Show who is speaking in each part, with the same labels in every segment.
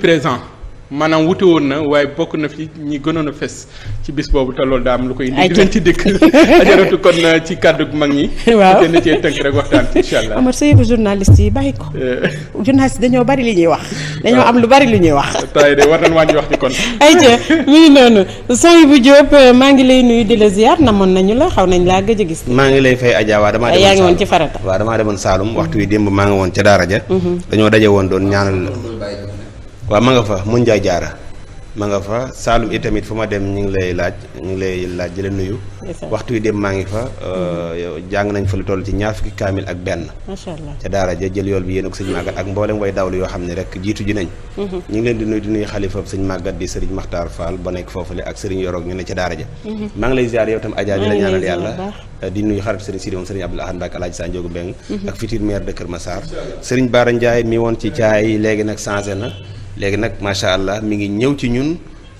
Speaker 1: présent maanaam wuti woon na waaye bokk na fi ñi gënoon a fes ci bis boobu te loolu daa am lu ko indi dinañ ci dikk ajaratu kon euh, ci kàddu mag ñi waaw na cee tënk rek waxtaan ci incha allah Omar
Speaker 2: sa yëfu yi bàyyi ko euh. journaliste dañoo bari li ñuy wax dañoo am lu bari lu
Speaker 3: ñuy wax
Speaker 1: tay de war nañ wàññi wax ci kon
Speaker 2: ay ca mu ngi noonu sony bu Diop euh, maa ngi lay nuyu di la ziar namoon nañu la xaw nañ laa gëj a gis
Speaker 3: maa ngi lay fay Adja waa damaa woon ci farata waaw damaa demoon Saalum mm-hmm. waxtu wi démb maa ngi woon ca daara ja mm-hmm. dañoo daje woon doon ñaanal waaw ma nga fa mu njaay jaara ma nga fa Saalum itamit fu ma dem ñu ngi lay laaj ñu ngi lay laaj di nuyu. waxtu yu dem maa ngi fa. Mm-hmm. jàng nañ fa lu toll ci ñaar fukki kaamil ak benn. macha allah ca daara ja jël yool bi yéen ak sëñ màggat ak mboolem way dawlu yoo xam ne rek jiitu ji nañ. Mm-hmm. ñu ngi leen di nuyu di nuyu xalifa sëñ màggat di sëriñ Makhtar faal ba nekk foofu foofule ak sëriñ Yoroog ñu ne ca daara ja. Mm-hmm. maa ngi lay ziar yow tam Adja di la ñaanal yàlla. Eh, di nuyu xarit sëriñ Sidi moom sëriñ Abdoul Ahad Mbacké Alaaji Sa Njóogu Mbeng ak futur maire de Kër Massar sëriñ Baara woon ci caay léegi nag changé na léegi nag macha allah mi ngi ñëw ci ñun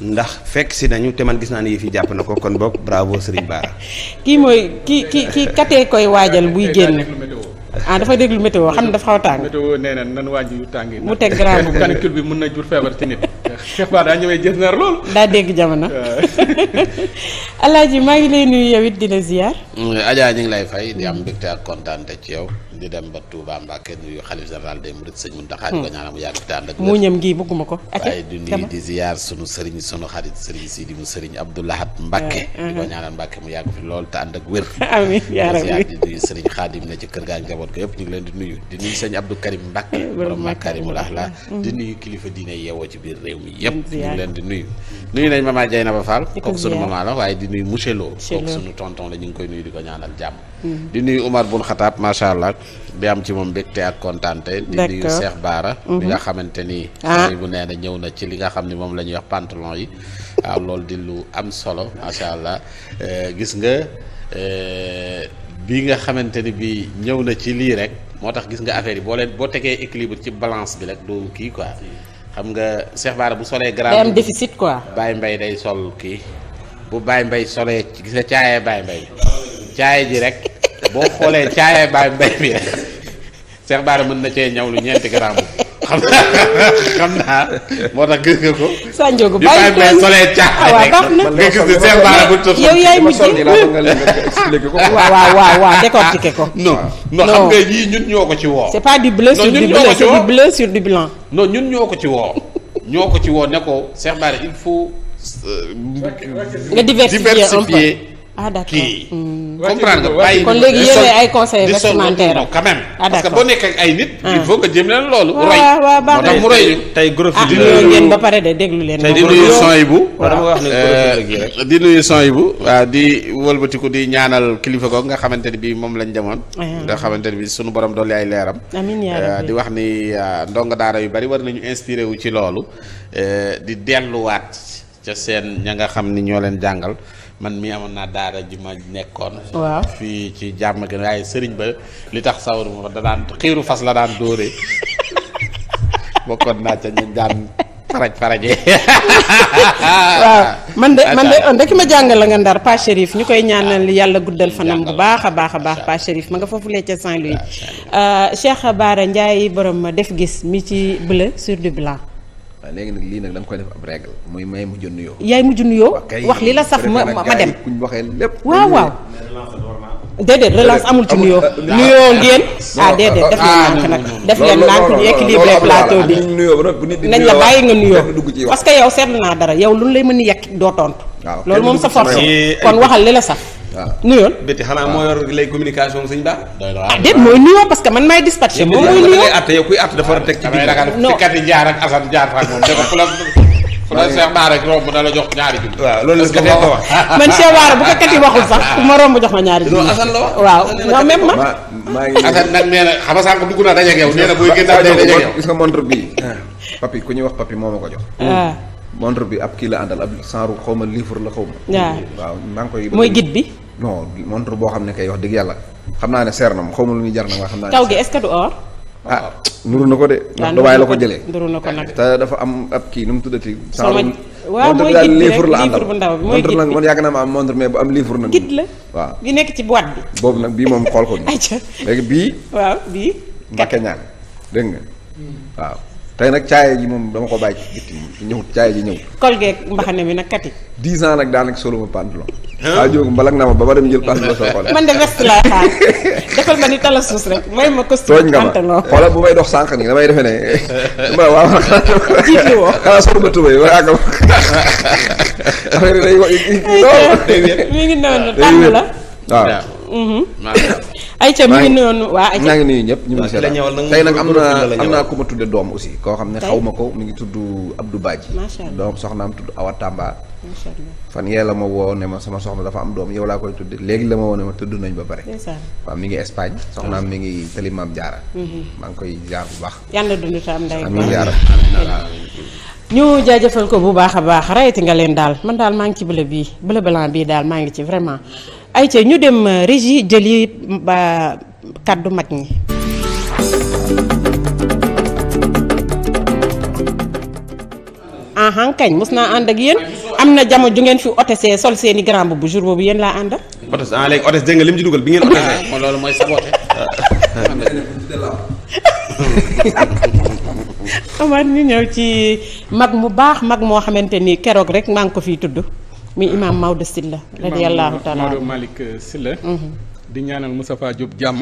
Speaker 3: ndax fekk si nañu te man gis naa ne yëf jàpp na ko kon boog bravo Serigne Bara.
Speaker 2: kii mooy kii ki ki koy waajal buy génn. ah dafa déglu météo
Speaker 1: xam ne dafa xaw a tàng. météo nee na nan wàññi yu tàng yi. mu teg grand boobu canicule bi mën na jur feebar ci nit. Cheikh Ba daa ñëwee jënd naar loolu.
Speaker 2: maa ngi lay nuyu yow it di la ziar.
Speaker 4: Mm, Adja ñu ngi lay fay di am mbégte ak kontaante ci yow. di dem ba Touba Mbacke nuyu xalif général des Mourides sëñ Mountakha di ko mm. ñaanal mu yàgg fi ànd ak mu ko waaye du nuyu di ziar sunu sëriñ sunu xarit sëriñ Sidi mu sëriñ Abdou Lahat Mbacke eh, eh. di ko ñaanal mu yàgg fi lool te ànd ak wér amiin yaa rabbi di nuyu sëriñ Xaadim ne ci kër gaa njaboot ko yëpp ñu ngi leen di nuyu di nuyu sëñ Abdou Karim Mbacke borom
Speaker 5: Makarimul Axla mm-hmm. di
Speaker 4: nuyu kilifa diine yeewoo ci biir réew mi yëpp ñu leen di nuyu nuyu nañ na Dieynaba faal kooku sunu maman la waaye di nuyu monsieur Lo kooku sunu tonton la ñu ngi koy nuyu di ko ñaanal jàmm mm-hmm. di nuyu Omar Bun Xataab macha allah di am ci moom te ak kontaante di nuyu Cheikh Baara bi nga mm-hmm. xamante ni ah. bu nee na ñëw na ci li nga xam ni moom la ñuy wax pantalon yi waaw ah, loolu di lu am solo macha allah euh, gis nga euh, bi nga xamante ni bi ñëw na ci lii rek moo tax gis nga affaire yi boo leen boo tegee équilibre ci balance bi rek doomu kii quoi xam nga Cheikh Bara bu solee grand am déficit quoi Baye Mbaye day sol kii bu Baye Mbaye solee gis nga caayee Baye Mbaye caaye ji rek boo xoolee caayee Baye Mbaye bi rek Cheikh Bara mën na cee ñaw lu ñeenti grand
Speaker 5: xam xam naa
Speaker 4: moo tax gis nga ko.
Speaker 2: Sadio Gu bàyyi tool ah, nga gis ne seen baara bu tëdd. yow yaay mujj
Speaker 4: waaw waaw waaw décortiquer ko. non non xam nga yii ñun ñoo ko ci woo. c'est pas du bleu sur du bleu c'est du bleu sur du ko ci woo. ko ci woo ne ko Cheikh Bara il faut. Euh, nga diversifier un
Speaker 2: ah
Speaker 5: d'accord
Speaker 4: kii.
Speaker 2: Hmm. comprendre nga bàyyi kon léegi yéen ay conseils vestimentaires non ah, parce que
Speaker 4: boo nekkee ak ay nit. Ah. il faut que jëm leen loolu. roy moo mu roy tey gros fi di nuyu ngeen
Speaker 2: déglu leen. tey yi bu. son
Speaker 4: bu euh, waaw di wëlbatiku di ñaanal kilifa googu nga xamante ni bii moom lañ demoon. Ah. nga xamante ni bii sunu borom dolli ay leeram. Euh, di wax ni euh, ndongo daara yu bari war nañu inspiré wu ci loolu. di delluwaat ca seen ña nga xam ni ñoo leen jàngal man mii amoon naa daara ji ma nekkoon. waaw fii ci jàmm gën waaye sëriñ ba li tax sawar ma daan xiiru fas la daan dóore bokkoon naa ca ñu daan faraj faraje
Speaker 2: waaw man de man de on ma jàngal la nga ndar Pa Chérif ñu koy ñaanal yàlla guddal fanam bu baax a baax a baax Pa Chérif ma nga foofu lee ca Saint-Louis euh, Cheikh Bara Ndiaye borom def gis mi ci bleu sur du blanc.
Speaker 6: léegi nag lii nag da nga koy def ab règle muy may mujj nuyoo. yaay
Speaker 2: mujj nuyoo wax li la saf ma ma dem
Speaker 6: kuñ waxee lépp.
Speaker 2: waaw waaw. déedéet relance amul ci nuyoo. nuyoo ngeen. ah déedéet def leen ah, nànk nag def leen nànk ñu équilibré plateau bi nañ la bàyyi nga nuyoo parce que yow seetlu naa dara yow lu lay mën a yekk doo tontu. loolu moom sa force kon waxal li la saf.
Speaker 3: waaw ah. nuyoon. bétti xanaa moo yor lay communication sëñ Ba. ah déet mooy nuyoo
Speaker 2: parce man maay dispatché. moom mooy nuyoo
Speaker 3: yëpp yow kuy àtt a teg ci biir Dakar. non kat moom
Speaker 4: man Cheikh Baara bu ko kat
Speaker 2: waxul sax ku ma romb jox ma ñaari junni. non Assane la wax waaw non ma. maa nag
Speaker 4: nee
Speaker 6: na xam nga sànq dugg naa dajeeg yow nee na booy gën daal dajeeg yow. gis nga montre bii papi ku ñuy wax papi moo ma jox. Ah. montre bi ab kii la àndal ab la xaw ma. Ah. mooy guide bi. non montre boo xam ne kay wax dëgg yàlla xam naa ne seer na ma xaw ma lu ñuy jar na ma xam naa ne. taw
Speaker 2: gi est or.
Speaker 6: ah nuru na ko de. ndax Dubaay la ko jëlee. nuru na ko nag te dafa am ab kii nu mu tuddati. soo ma waaw mooy gite livre la àndal montre nag man yàgg naa ma am montre mais bu am livre nag. gite la waaw
Speaker 2: bi nekk ci boîte bi.
Speaker 6: boobu nag bii moom xool ko nii. ayca léegi bii. waaw bii. Mbacke ñaan dégg nga waaw. tey nag caaya ji moom dama ko bàyyi ci gitt ñëwut caaya ji ñëwut.
Speaker 2: colgeeg mbaxane mi nag kati. dix ans nag daanaka solo ma pantalon
Speaker 6: ah Diop mbalak naa ma ba ma dem jël place bi soo xoolee. man de
Speaker 2: veste laay xaar defal ma ni tala rek may ma costume. tooñ nga
Speaker 6: ma xoolal bu may dox sànq nii damay defe ne. ma ngi
Speaker 2: noonu tànn la
Speaker 6: waaw. Mhm.
Speaker 2: ayca mi ngi noonu waa ayca maa ngi
Speaker 6: nuyu ñëpp ñu ngi seet tey nag am naa ku ma tudde doom aussi koo xam ne xaw ma ko mi ngi tudd Abdou Badji doom soxnaam tudd Awa Tamba fan yee ma woo ne ma sama soxna dafa am doom yow laa koy tudde léegi la ma woo ne ma tudd nañ ba pare waaw mi ngi Espagne soxnaam mi ngi Tëlimaam Jaara mhm. maa ngi koy jaar bu baax
Speaker 2: yàlla dund tam ndey amiin jaara ñu jaajëfal ko bu baax a baax rayati nga leen daal man daal maa ngi ci bële bi bële balan bii daal maa ngi ci vraiment ayca ñu dem euh, régie jëli ba kàddu mag ñi. ahan kañ mos naa ànd ak yéen am na jamono ju ngeen fi otesee sol seen i bu boobu jour boobu yéen laa ànd.
Speaker 3: otes ah léegi otes dégg bi ngeen otesee. Ah, loolu mooy saboté.
Speaker 2: amaat ñu ñëw ci mag mu baax mag moo xamante ni keroog rek maa ngi ko fiy tudd. mi imaam Maodo Sylla radiyallahu taala
Speaker 1: mhm. di ñaanal Moustapha Diop jàmm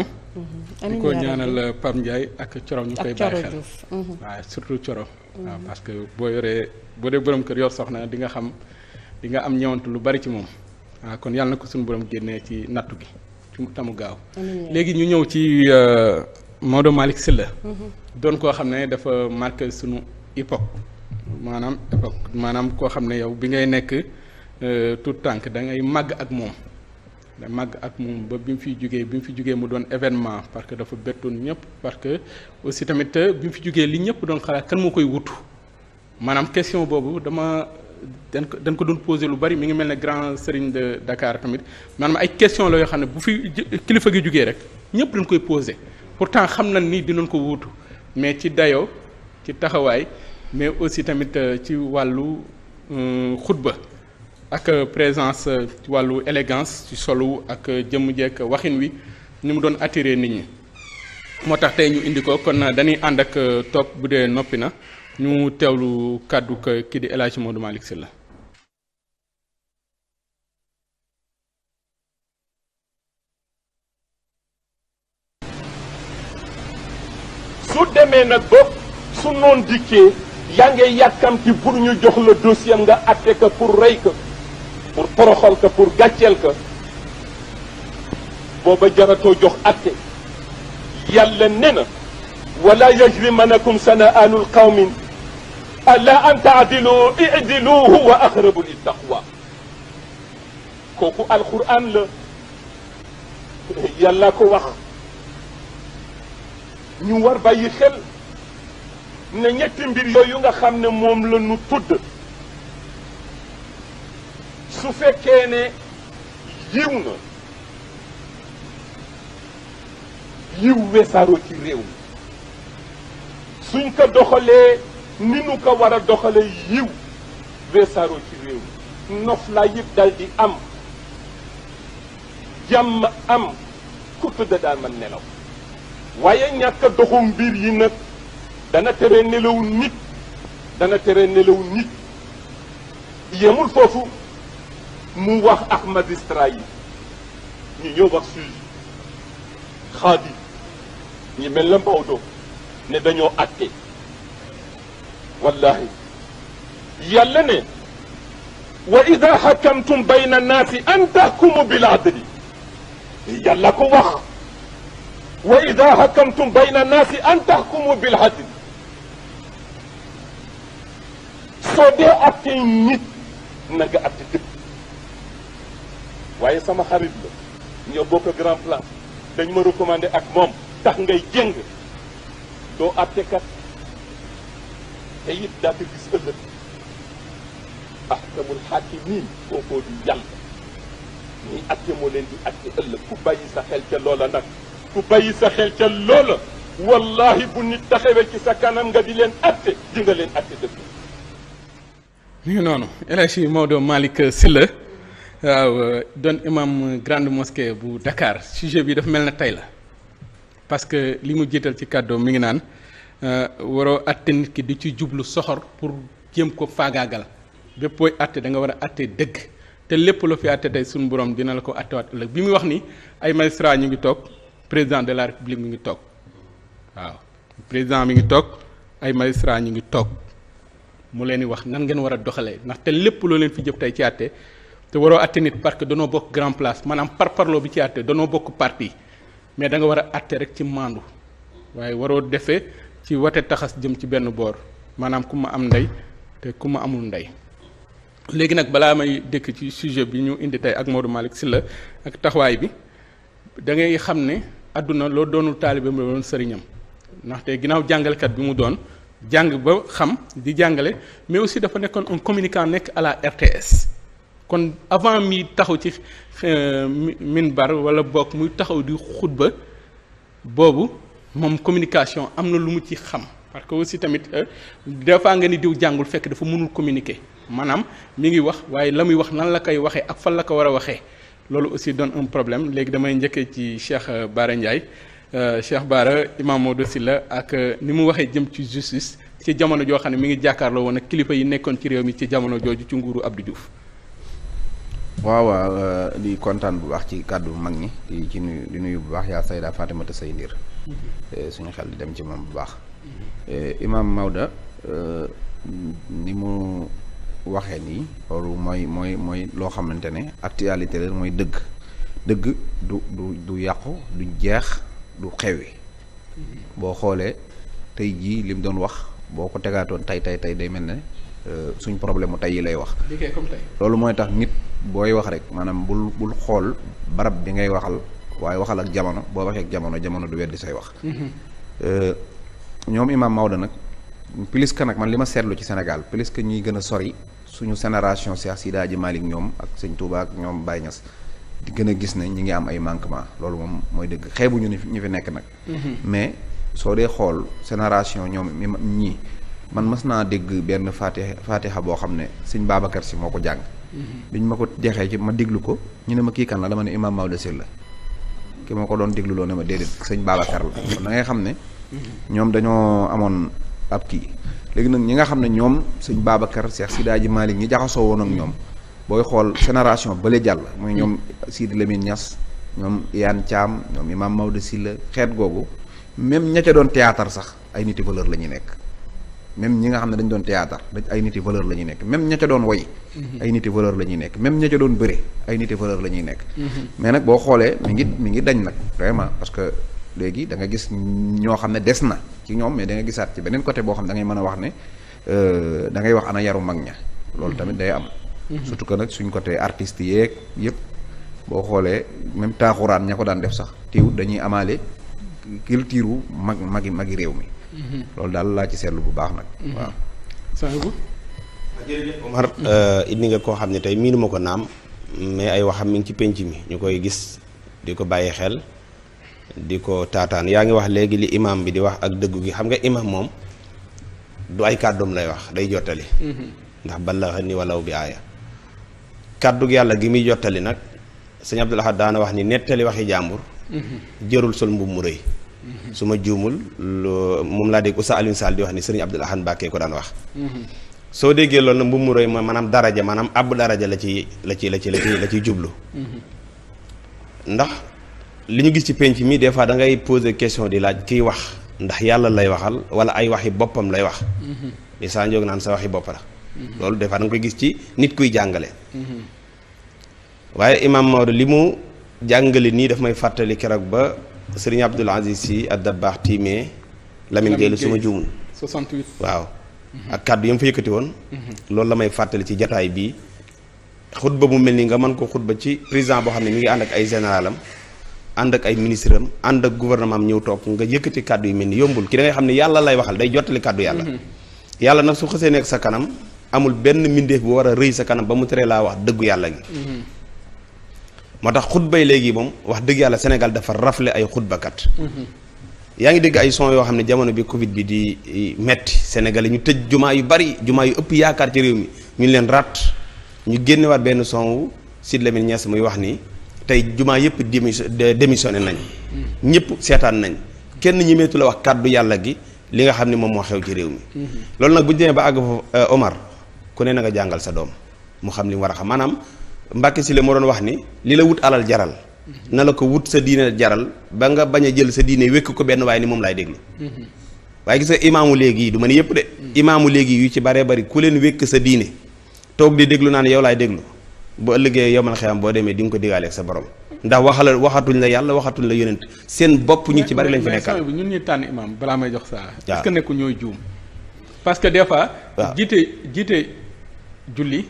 Speaker 1: di ko ñaanal euh, Pam Ndiaye ak Coro ñu koy bàyyi xel mhm. waaw surtout Coro mhm. waaw parce que boo yoree boo dee borom kër yor soxna di nga xam di nga am ñëwantu lu bari ci moom waaw kon yàlla na ko suñu borom génnee ci nattu gi ci tamu gaaw léegi ñu ñëw ci euh, Maodo Malick Sylla doon koo xam ne dafa marqué suñu époque maanaam époque maanaam koo xam ne yow bi ngay nekk Euh, tout tànk da ngay màgg ak moom da màgg ak moom ba bi mu fiy jógee bi mu fi jógee mu doon événement parce que dafa bettoon ñëpp parce que aussi tamit euh, bi mu fi jugee li ñëpp doon xalaat kan moo koy wutu maanaam question boobu dama dañ ko dañ ko doon posé lu bari mi ngi mel ne grand serigne de Dakar tamit maanaam ay question la yoo xam ne bu fi kilifa gi jógee rek ñëpp dañ koy posé pourtant xam nañ ni dinañ ko wutu mais ci dayoo ci taxawaay mais aussi tamit euh, ci wàllu xutba ak euh, présence euh, ci wàllu élégance ci solu ak euh, jëmm jeek waxin wi ni doon attirer nit moo tax tey ñu indi ko kon dañuy ànd ak bu dee noppi na ñu teewlu kàddu ki di El Hadji Modou Malick Sylla
Speaker 7: su demee nag ba su noon dikkee yaa ngi yàkkamti pour ñu jox la dossier nga atte ko pour rey ko pour toroxal ko pour gàcceel ko booba jaratoo jox atte yàlla ne na wala yajrimanakum sana'aanul qawmin ala an taadilu idilu huwa aqrabu littaqwa kooku alquran la yàlla ko wax ñu war bàyyi xel ne ñetti mbir yooyu nga xam ne moom la ñu tudd su fekkee ne yiw na yiw wesaaroo ci réew mi suñ ko doxalee ni nu ko war a doxalee yiw wesaaroo ci réew mi noflaay yëpp dal di am jàmm am ku tëdd daal man nelaw waaye ñàkk doxum mbir yi nag dana tere nelaw nit dana tere nelaw nit yemul foofu mu wax ak magistrat yi ñu ñëw wax juge xaadi ñi mel na Maodo ne dañoo àtte wallahi yàlla ne wa ida xakamtum bayna annaasi an taxkumu bil adli yàlla ko wax wa ida xakamtum bayna annaasi an taxkumu bil adli soo dee àtte nit na nga àtte waaye sama xarit la ñoo bokk grand place dañ ma recommandé ak moom tax ngay jëng doo àttekat te it daa ko gis ëllëg ahkamul haakimiin kookoo di yàlla ñuy atte moo leen di atte ëllëg ku bàyyi sa xel ca loola nag ku bàyyi sa xel ca loola wallahi bu nit taxawee ci sa kanam nga di leen atte di nga leen atte dëgg ñu
Speaker 1: ngi noonu El Hadji Maodo Malick Sylla waaw doon imam grande mosquée bu Dakar sujet bi dafa mel na tey la parce que li mu jiital ci kàddoo mi ngi naan euh, waroo atte nit ki di ci jublu soxor pour jéem ko faagaagal bépp booy atte da nga war a atte dëgg te lépp loo fi atte tey suñu borom dina la ko attewaat ëllëg bi muy wax ni ay magistrat ñu ngi toog président de la république mi ngi toog waaw président mi ngi toog ay magistrat ñu ngi toog mu leen di wax nan ngeen war a doxalee ndaxte lépp loo leen fi jëf tey ci atte te waroo atte nit parce que danoo bokk grand place maanaam par parloo bi ci atte danoo bokk parti mais danga war a atte rek ci maandu waaye waroo defee ci wate taxas jëm ci benn boor maanaam ku ma am ndey te ku ma amul ndey léegi nag balaa may dëkk ci sujet bi ñu indi tey ak Maodo Malick Sylla ak taxawaay bi da ngay xam ne àdduna loo doonul taalibe mu doon sëriñam ndaxte ginnaaw jàngalekat bi mu doon jàng ba xam di jàngale mais aussi dafa nekkoon un communicant nekk à kon avant mi taxaw ci euh, bar wala bokk muy taxaw di xutba boobu moom communication am na lu mu ci xam parce que aussi tamit euh, des fois nga ni diw jàngul fekk dafa mënul communiquer maanaam mi ngi wax waaye la muy wax nan la koy waxee ak fan la ko war a waxee loolu aussi doon un problème léegi damay njëkkee ci Cheikh euh, Bara Ndiaye Cheikh Bara Imam Maodo Sylla ak ni mu waxee jëm ci justice ci jamono joo xam ne mu ngi jàkkaarloo woon ak kilifa yi nekkoon ci réew mi ci jamono jooju ci nguuru Abdou Diouf.
Speaker 6: waawaa waaw euh, di kontaan bu baax ci kàddu mag ñi di ci nuy li nuyu bu baax yaa Sayda Fatimata Say Ndir euh, suñu xel di dem ci moom bu baax euh, imaam Maoda ni mu waxe nii loolu mooy mooy mooy loo xamante ne actualité la mooy dëgg dëgg du du du yàqu du jeex du xewi boo xoolee tey jii li mu doon wax boo ko tegaatoon tey tey tey day mel ne Euh, suñ problème mu tey yi lay wax. loolu mooy tax nit booy wax rek maanaam bul bul xool barab bi ngay waxal waaye waxal ak jamono boo waxee ak jamono jamono du weddi say wax. Mm-hmm. Euh, ñoom Imaam Maodo nag plus que nag man li ma seetlu ci Sénégal plus que ñuy gën a sori suñu génération Cheikh Sida Hadji Malick ñoom ak sëñ Touba ñoom Baye Niass di gën a gis ne ñi ngi am ay manquement loolu moom mooy dëgg xeebu ñu ñu fi nekk nag. Mm-hmm. mais soo dee xool génération ñoom ñii. man mës naa dégg benn fatiha fatiha boo xam ne sëñ Babacar si moo ko jàng.
Speaker 5: Mm-hmm.
Speaker 6: biñ ma ko jeexee ci ma déglu ko ñu ne ma kii kan la dama ne Imam Maodo Sylla la. ki ma ko doon déglu loo ne ma déedéet sëñ Babacar la kon da ngay xam ne. Mm-hmm. ñoom dañoo amoon ab kii. léegi nag ñi nga xam ne ñoom sëñ Babacar Cheikh Sidaaji Malick ñi jaxasoo woon ak ñoom booy xool génération bële jàll mooy ñoom Sidi lemin ñas ñoom Iyane caam ñoom Imam Maodo Sylla xeet googu même ña doon théâtre sax ay niti la ñuy nekk. même ñi nga xam ne dañ doon théâtre dañ ay niti valeur la ñuy nekk même ña ca doon woy mhm. ay niti valeur la ñuy nekk même ña ca doon bëre ay niti valeur la ñuy nekk mhm. mais nag boo xoolee mi ngi mi ngi dañ nag vraiment parce que léegi da nga gis ñoo xam ne des na ci ñoom mais da nga gisaat ci beneen côté boo xam ne da ngay mën a wax ne euh, da ngay wax ana yaru mag ña loolu tamit day am mhm. surtout que nag suñ côté artistes yeeg yëpp boo xoolee même taaxuraan ña ko daan def sax teewut dañuy amaale culture
Speaker 3: mag magi magi réew mi loolu daal laa ci seetlu bu baax nag. Mhm. waaw. Sango. Euh, indi nga koo xam ne tey miinuma ko naam mais ay waxam mi ngi ci pénc mi ñu koy gis di ko bàyyi xel di ko taataan yaa ngi wax léegi li imaam bi di wax ak dëggu gi xam nga imaam moom du ay kàddoom lay wax day jottali. Mhm. ndax ballaxa ni walaw bi aaya kàddu yàlla gi muy jottali nag sëñ Abdul Ahad daana wax ni nettali waxi jàmbur. Mhm. jërul sol mbubb mu rëy. su ma juumul moom laa dégg Oustaz Alioune Sall di wax ni Serigne Abdoul Ahad Mbacké ko daan wax soo déggee lool na mbubb mu rey ma maanaam daraja maanaam ab daraja la ci la ci la ci la ci la ciy jublu ndax li ñu gis ci penc mi des fois da ngay poser question di laaj kiy wax ndax yàlla lay waxal wala ay waxi boppam lay wax li saa njoog naan sa waxi bopp la loolu des fois da koy gis ci nit kuy jàngale waaye Imam Maodo li mu jàngale nii daf may fàttali keroog ba sëriñ Abdoul Aziz si ak Dabbaax tiimee Lamine Gueye la su ma juumul 68 waaw ak kàddu yam fa yëkkati woon loolu la may fàttali ci jataay bii xutba bu mel ni nga mën ko xutba ci président boo xam ne mi ngi ànd ak ay généralam ànd ak ay ministre am ànd ak gouvernement am ñëw toog nga yëkkati kàddu yu mel ni yombul ki da xam ne yàlla lay waxal day jottali kàddu yàlla mhm. yàlla nag su xësee nekk sa kanam amul benn mbindeef bu war a rëy sa kanam ba mu teree laa wax dëggu yàlla moo tax xutbay léegi moom wax dëgg yàlla Sénégal dafa rafle ay xutbakat yaa ngi dégg ay son yoo xam ne jamono bi Covid bi di metti Sénégal yi ñu tëj jumaa yu bari jumaa yu ëpp yaakaar ci réew mi ñu leen rat ñu génnewaat benn son wu Sidy Lamine Niass muy wax ni tey jumaa yëpp démissionné nañ ñëpp seetaan nañ kenn ñemeetu la wax kàddu yàlla gi li nga xam ne moom moo xew ci réew mi mm-hmm. loolu nag bu jëmee ba àgg foofu euh, Omar ku ne na nga jàngal sa doom mu xam Mbàkke si la moo doon wax ni li la wut alal jaral na la ko wut sa diine jaral ba nga bañ a jël sa diine wékk ko benn waaye ni moom laay déglu waaye gis nga imaamu léegi du ma ne yëpp de imaamu léegi yu ci bare bari ku leen wékk sa diine toog di déglu ne yow laay déglu bu ëllëgee yomal xeyam boo demee di nga ko digaaleeg sa borom ndax waxala waxatuñ la yàlla waxatuñ la yonent seen bopp ñu ci bari lañ fi nekkal
Speaker 1: ñun ñuy tànn imaam balaa may jox saa est nekku ñooy juum parce que des fois jiite jiite julli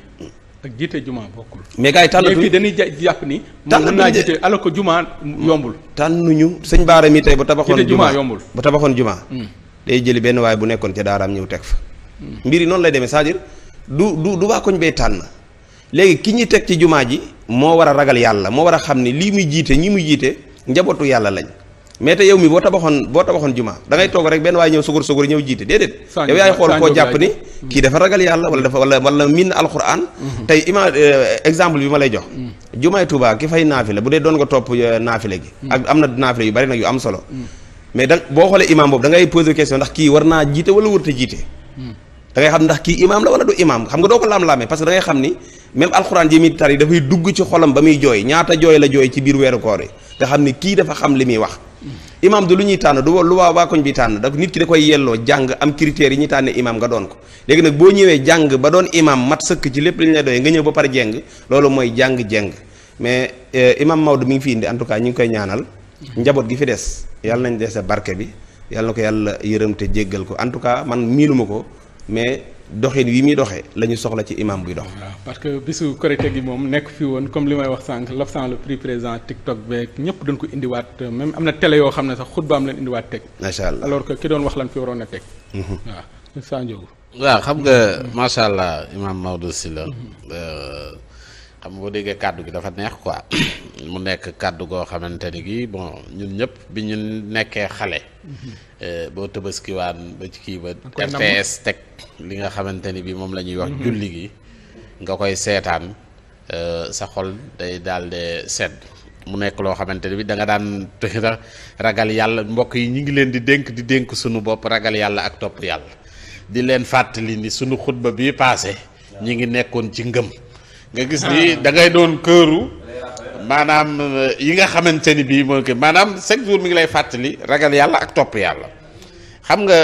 Speaker 1: ak jiite juma bokkul. mais gars yi tànnatuñu mais fii dañuy jàpp ni.
Speaker 3: tànnatuñu de mën naa jiite alors que juma yombul. tànnuñu sëñ Baara mi tey bu tabaxoon. jiite juma yombul bu tabaxoon juma. Hmm. day jëli benn waay bu nekkoon ca daaraam ñëw teg fa. Hmm. mbir yi noonu lay demee cest du du du waa koñ bay tànn léegi ki ñuy teg ci jumaa ji moo war a ragal yàlla moo war a xam ni lii muy jiite ñii muy jiite njabootu yàlla lañ mais te yow mi boo tabaxoon boo tabaxoon juma da ngay toog rek benn waaye ñëw sugur sugur ñëw jiite déedéet yaay xool koo jàpp ni kii dafa ragal yàlla wala dafa wala wala min alquran mhm. tey euh, exemple bi ma lay jox mhm. jumaay Tuubaa ki fay naafila bu dee doon nga topp euh, naafila gi mhm. ak am na naafila yu bari am solo mais da boo xoolee imaam boobu da ngay poser kii war naa jiite wala warut a jiite da ngay xam ndax kii imaam la wala du imaam xam nga doo ko laam-laamee parce que da xam ni même alxuraan ji muy tar yi dafay dugg ci xolam ba muy jooy ñaata jooy la jooy ci biir weeru koor yi nga xam ni kii dafa xam li muy wax imaam du lu ñuy tànn du lu waa waa koñ bi tànn da nit ki da koy yelloo jàng am critères yi ñuy tànnee imaam nga doon ko léegi nag boo ñëwee jàng ba doon imaam mat sëkk ci lépp li ñu la doyee nga ñëw ba pare jeng loolu mooy jàng jeng mais eh, imaam Maodo mi ngi fi indi en tout cas ñu ngi koy ñaanal njaboot gi fi des yàlla nañ dese barke bi yàlla na ko yàlla yërëmte jéggal ko en tout cas man miiluma ko mais doxin wi muy doxee la ñu soxla ci imam buy dox. waaw
Speaker 1: parce que bisu korite gi moom nekk fi woon comme li may wax sànq l'absent le plus présent TikTok beeg ñëpp dañ ko indiwaat même am na télé yoo xam ne sax xutbaam leen indiwaat teg. macha allah alors que ki doon wax lan fi waroon a teg. Mhm. waaw saa Ndiogou.
Speaker 4: waaw xam nga macha allah imam Maodo la xam nga déggee kàddu gi dafa neex quoi mu nekk kàddu goo xamante ni gi bon ñun ñëpp bi ñu nekkee xale mhm. euh, boo tëbaskiwaan ba ci kii ba RTS teg li nga xamante ni bi moom la ñuy wax mhm. julli gi nga koy seetaan euh, sa xol day daal de sedd mu nekk loo xamante ni bi da nga daan ragal yàlla mbokk yi ñu ngi leen di dénk di dénk sunu bopp ragal yàlla ak topp yàlla di leen fàttali ni suñu xutba bii paase ñu ngi nekkoon ci ngëm nga gis ni da ngay doon këru maanaam euh, yi nga xamante ni bii mooy maanaam chaque jour mi ngi lay fàttali ragal yàlla ak topp yàlla xam nga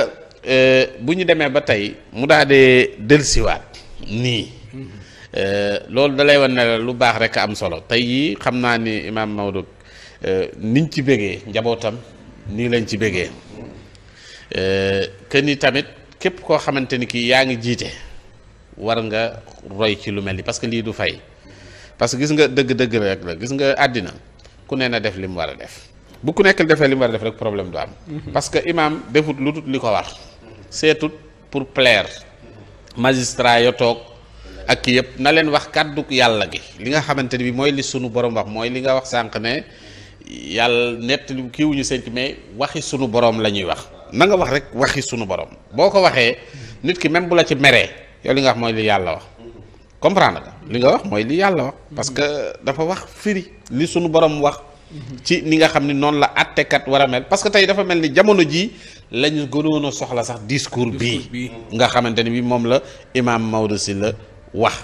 Speaker 4: euh, bu ñu demee ba tey mu daal di dellusiwaat nii euh, loolu dalay wan ne lu baax rek am solo tey yii xam naa ni imaam Maodo niñ ci bégee njabootam nii lañ ci bégee que ni tamit képp koo xamante ni kii yaa ngi jiite. war nga roy ci lu mel ni parce que lii du fay parce que gis nga dëgg-dëgg rek la gis nga àddina ku ne na def li mu war a def bu ku nekk defee li mu war a def rek problème du am. Mhm. parce que imaam defut lu tut li ko wax seetut pour plaire magistrat ya toog ak ki yëpp na leen wax kàddu yàlla gi li nga xamante ni bi mooy li sunu borom wax mooy li nga wax sànq ne yàlla nett li kii wu ñu sënk mais waxi sunu borom la ñuy wax na nga wax rek waxi sunu borom boo ko waxee nit ki même bu la ci meree. yow li nga wax mooy li yàlla wax comprendre nga li nga wax mooy li yàlla wax parce que dafa wax firi li suñu borom wax ci ni nga xam ni noonu la àttekat war a mel parce que tey dafa mel ni jamono jii la ñu gënoon a soxla sax discours bii nga xamante ni bi moom la imaam Maodo si la wax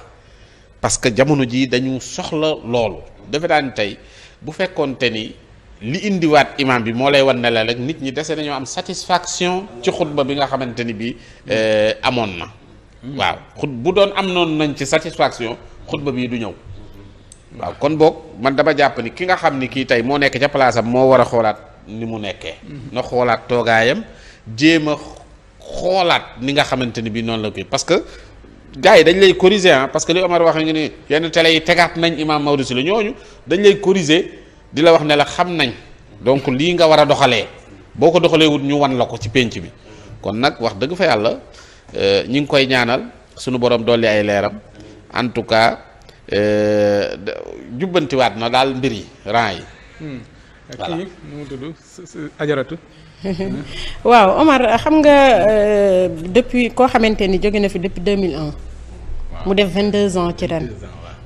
Speaker 4: parce que jamono jii dañu soxla loolu defe naa tey bu fekkoonte ni li indiwaat imaam bi moo lay wan ne la rek nit ñi dese nañoo am satisfaction ci xutba bi nga xamante ni bi eh, amoon na Hmm. waaw xut bu doon am noonu nañ ci satisfaction xutba bii du ñëw waaw kon boog man dama jàpp ni ki nga xam ni kii tey moo nekk ca place am moo war a xoolaat ni mu nekkee hmm. na xoolaat toogaayam jéem a xoolaat ni nga xamante ni bii noonu la koy parce que gars yi dañ lay corriger ah parce que li Omar wax nga ni yenn télé yi tegaat nañ Imam Maodo la ñooñu dañ lay corriger di la wax ne la xam nañ donc lii nga war a doxalee boo ko doxalee wut ñu wan la ko ci pénc bi kon nag wax dëgg fa yàlla Euh, ñu ngi koy ñaanal sunu borom dolli ay leeram en tout cas euh, jubbantiwaat na daal mbir
Speaker 1: yi ran yi. Hmm. voilà kii nu
Speaker 2: waaw Omar xam nga euh, depuis koo xamante ni jóge na fi depuis 2001. mu def 22 ans ci ren.